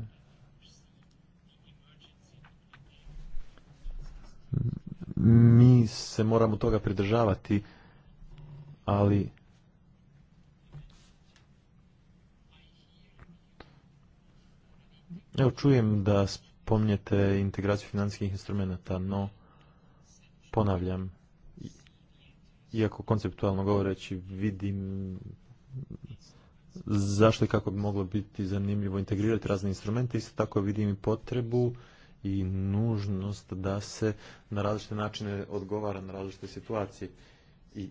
mi se moramo toga pridržavati, ali Evo čujem da spomnjete integraciju financijskih instrumenata, no ponavljam, iako konceptualno govoreći vidim zašto i kako bi moglo biti zanimljivo integrirati razne instrumente. Isto tako vidim i potrebu i nužnost da se na različite načine odgovara na različite situacije. I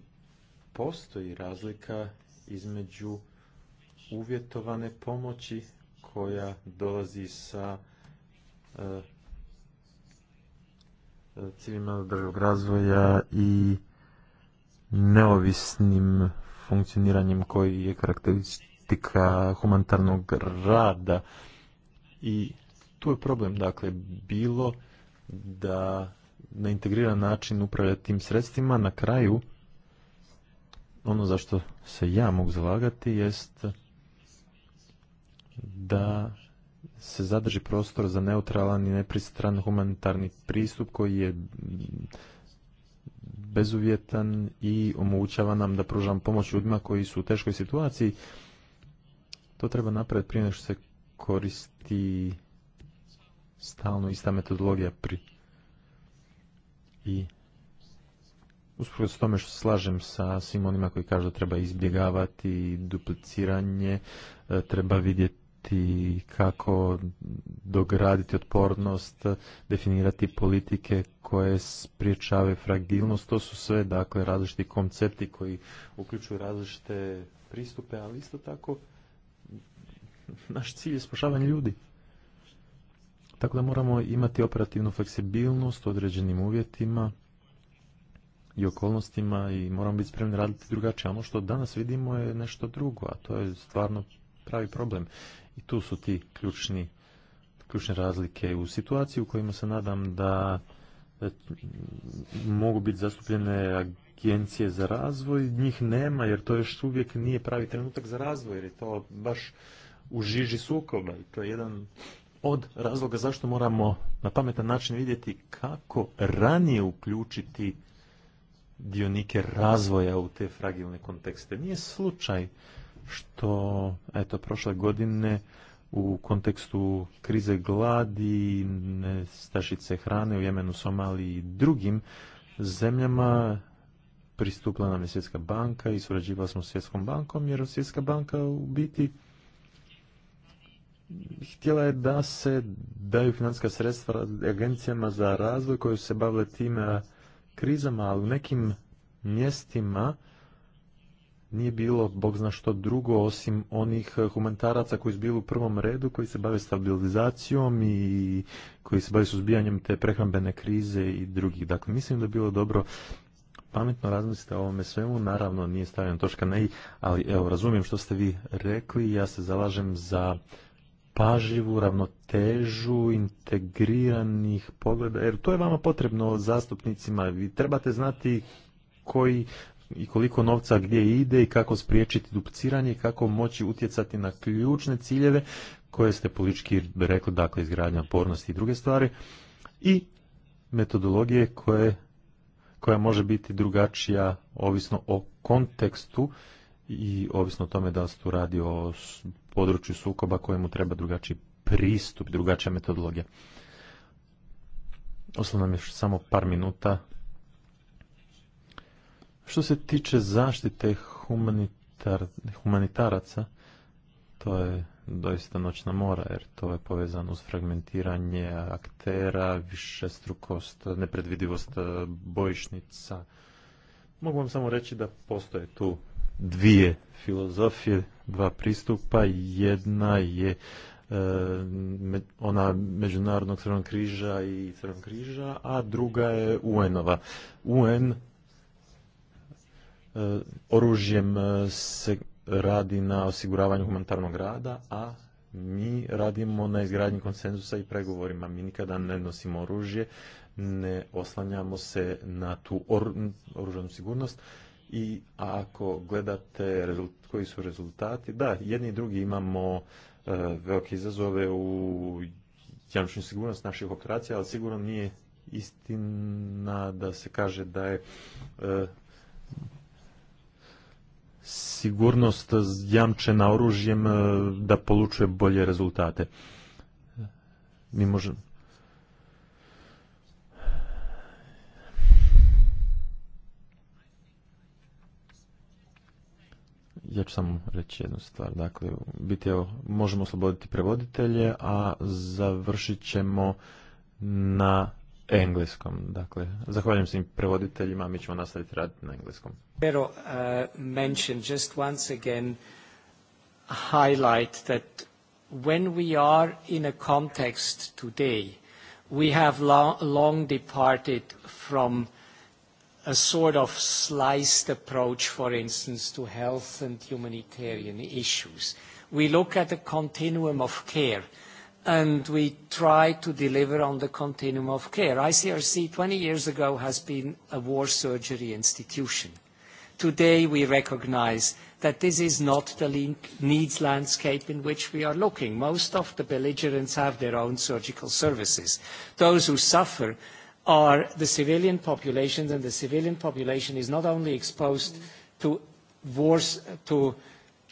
postoji razlika između uvjetovane pomoći koja dolazi sa e, eh, eh, ciljima razvoja i neovisnim funkcioniranjem koji je karakterističan politika humanitarnog rada i tu je problem dakle bilo da na integriran način upravlja tim sredstvima na kraju ono za što se ja mogu zalagati jest da se zadrži prostor za neutralan i nepristran humanitarni pristup koji je bezuvjetan i omogućava nam da pružam pomoć ljudima koji su u teškoj situaciji to treba napraviti prije što se koristi stalno ista metodologija pri i usprkos tome što se slažem sa svim onima koji kažu da treba izbjegavati dupliciranje, e, treba vidjeti kako dograditi otpornost, definirati politike koje spriječave fragilnost, to su sve dakle različiti koncepti koji uključuju različite pristupe, ali isto tako naš cilj je spašavanje ljudi. Tako da moramo imati operativnu fleksibilnost u određenim uvjetima i okolnostima i moramo biti spremni raditi drugačije. Ono što danas vidimo je nešto drugo, a to je stvarno pravi problem. I tu su ti ključni, ključne razlike u situaciji u kojima se nadam da mogu biti zastupljene agencije za razvoj, njih nema jer to još uvijek nije pravi trenutak za razvoj jer je to baš u žiži sukoba i to je jedan od razloga zašto moramo na pametan način vidjeti kako ranije uključiti dionike razvoja u te fragilne kontekste. Nije slučaj što, eto, prošle godine u kontekstu krize gladi, nestašice hrane u Jemenu, Somaliji i drugim zemljama pristupila nam je Svjetska banka i surađivala smo s Svjetskom bankom, jer Svjetska banka u biti htjela je da se daju financijska sredstva agencijama za razvoj koje se bavile tim eh, krizama, ali u nekim mjestima nije bilo, bog zna što drugo, osim onih eh, humanitaraca koji su bili u prvom redu, koji se bave stabilizacijom i koji se bave suzbijanjem te prehrambene krize i drugih. Dakle, mislim da je bilo dobro pametno razmislite o ovome svemu, naravno nije stavljena točka na i, ali evo, razumijem što ste vi rekli, ja se zalažem za pažljivu ravnotežu integriranih pogleda, jer to je vama potrebno zastupnicima. Vi trebate znati koji i koliko novca gdje ide i kako spriječiti dupciranje, i kako moći utjecati na ključne ciljeve koje ste politički rekli, dakle izgradnja opornosti i druge stvari i metodologije koje, koja može biti drugačija ovisno o kontekstu i ovisno o tome da se tu radi o području sukoba kojemu treba drugačiji pristup, drugačija metodologija. Ostalo nam je samo par minuta. Što se tiče zaštite humanitaraca, to je doista noćna mora, jer to je povezano s fragmentiranje aktera, višestrukost, nepredvidivost e, bojišnica. Mogu vam samo reći da postoje tu dvije filozofije, dva pristupa. Jedna je e, ona Međunarodnog crvenog križa i crvenog križa, a druga je UN-ova. UN e, oružjem e, se radi na osiguravanju humanitarnog rada, a mi radimo na izgradnji konsenzusa i pregovorima. Mi nikada ne nosimo oružje, ne oslanjamo se na tu oružanu sigurnost, i ako gledate koji su rezultati, da, jedni i drugi imamo e, velike izazove u jamčnu sigurnost naših operacija, ali sigurno nije istina da se kaže da je e, sigurnost jamčena oružjem e, da polučuje bolje rezultate. Mi možemo ja ću samo reći jednu stvar. Dakle, biti evo, možemo osloboditi prevoditelje, a završit ćemo na engleskom. Dakle, zahvaljujem svim prevoditeljima, mi ćemo nastaviti raditi na engleskom. Pero uh, mention just once again highlight that when we are in a context today, we have long, long departed from a sort of sliced approach, for instance, to health and humanitarian issues. We look at the continuum of care, and we try to deliver on the continuum of care. ICRC, 20 years ago, has been a war surgery institution. Today, we recognize that this is not the needs landscape in which we are looking. Most of the belligerents have their own surgical services. Those who suffer are the civilian populations, and the civilian population is not only exposed to wars, to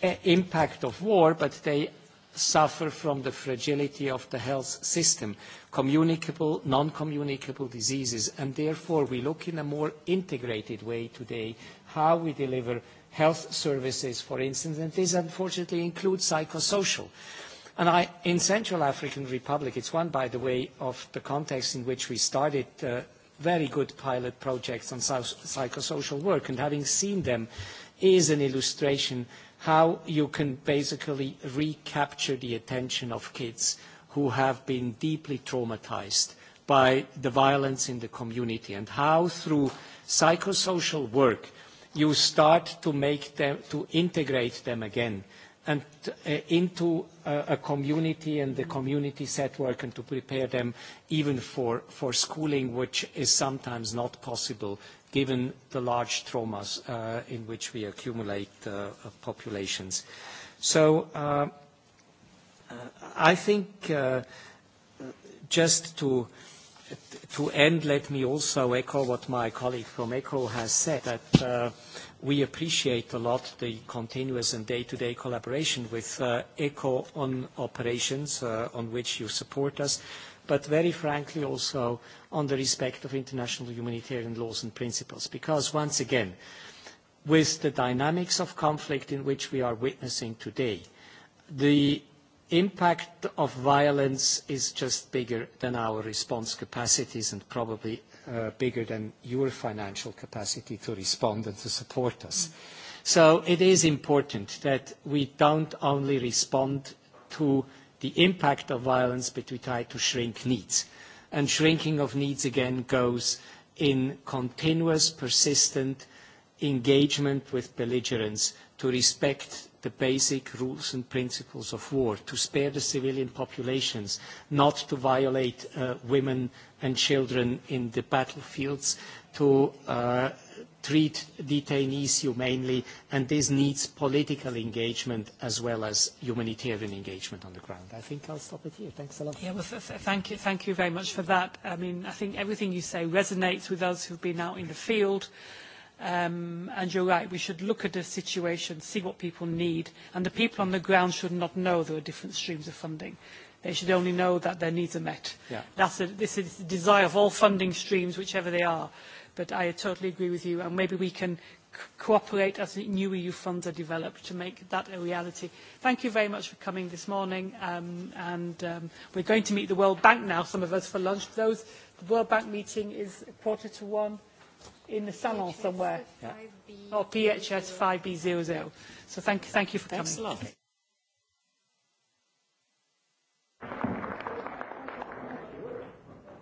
eh, impact of war, but they suffer from the fragility of the health system, communicable, non-communicable diseases, and therefore we look in a more integrated way today how we deliver health services, for instance, and this unfortunately includes psychosocial. And I, in Central African Republic, it's one, by the way, of the context in which we started uh, very good pilot projects on psychosocial work, and having seen them is an illustration how you can basically recapture the attention of kids who have been deeply traumatized by the violence in the community, and how through psychosocial work you start to make them, to integrate them again and uh, into a community and the community set work and to prepare them even for, for schooling, which is sometimes not possible given the large traumas uh, in which we accumulate uh, populations. So I think just to, to end, let me also echo what my colleague from ECHO has said, that we appreciate a lot the continuous and day-to-day collaboration with uh, ECHO on operations uh, on which you support us, but very frankly also on the respect of international humanitarian laws and principles. Because once again, with the dynamics of conflict in which we are witnessing today, the impact of violence is just bigger than our response capacities and probably Uh, bigger than your financial capacity to respond and to support us. Mm. So it is important that we don't only respond to the impact of violence, but we try to shrink needs. And shrinking of needs, again, goes in continuous, persistent engagement with belligerents to respect the basic rules and principles of war, to spare the civilian populations, not to violate uh, women and children in the battlefields, to uh, treat detainees humanely, and this needs political engagement as well as humanitarian engagement on the ground. I think I'll stop it here. Thanks a lot. Yeah, thank, you, thank you very much for that. I mean, I think everything you say resonates with us have been out in the field. And um, and you're right, we should look at the situation, see what people need, and the people on the ground should not know there are different streams of funding. They should only know that their needs are met. That's this is the desire of all funding streams, whichever they are. But I totally agree with you, and maybe we can cooperate as new EU funds are developed to make that a reality. Thank you very much for coming this morning, um, and we um, we're going to meet the World Bank now, some of us, for lunch. the World Bank meeting is quarter to one in the salon somewhere. Yeah. Or PHS 5B00. So thank, thank you for coming. Thanks a lot.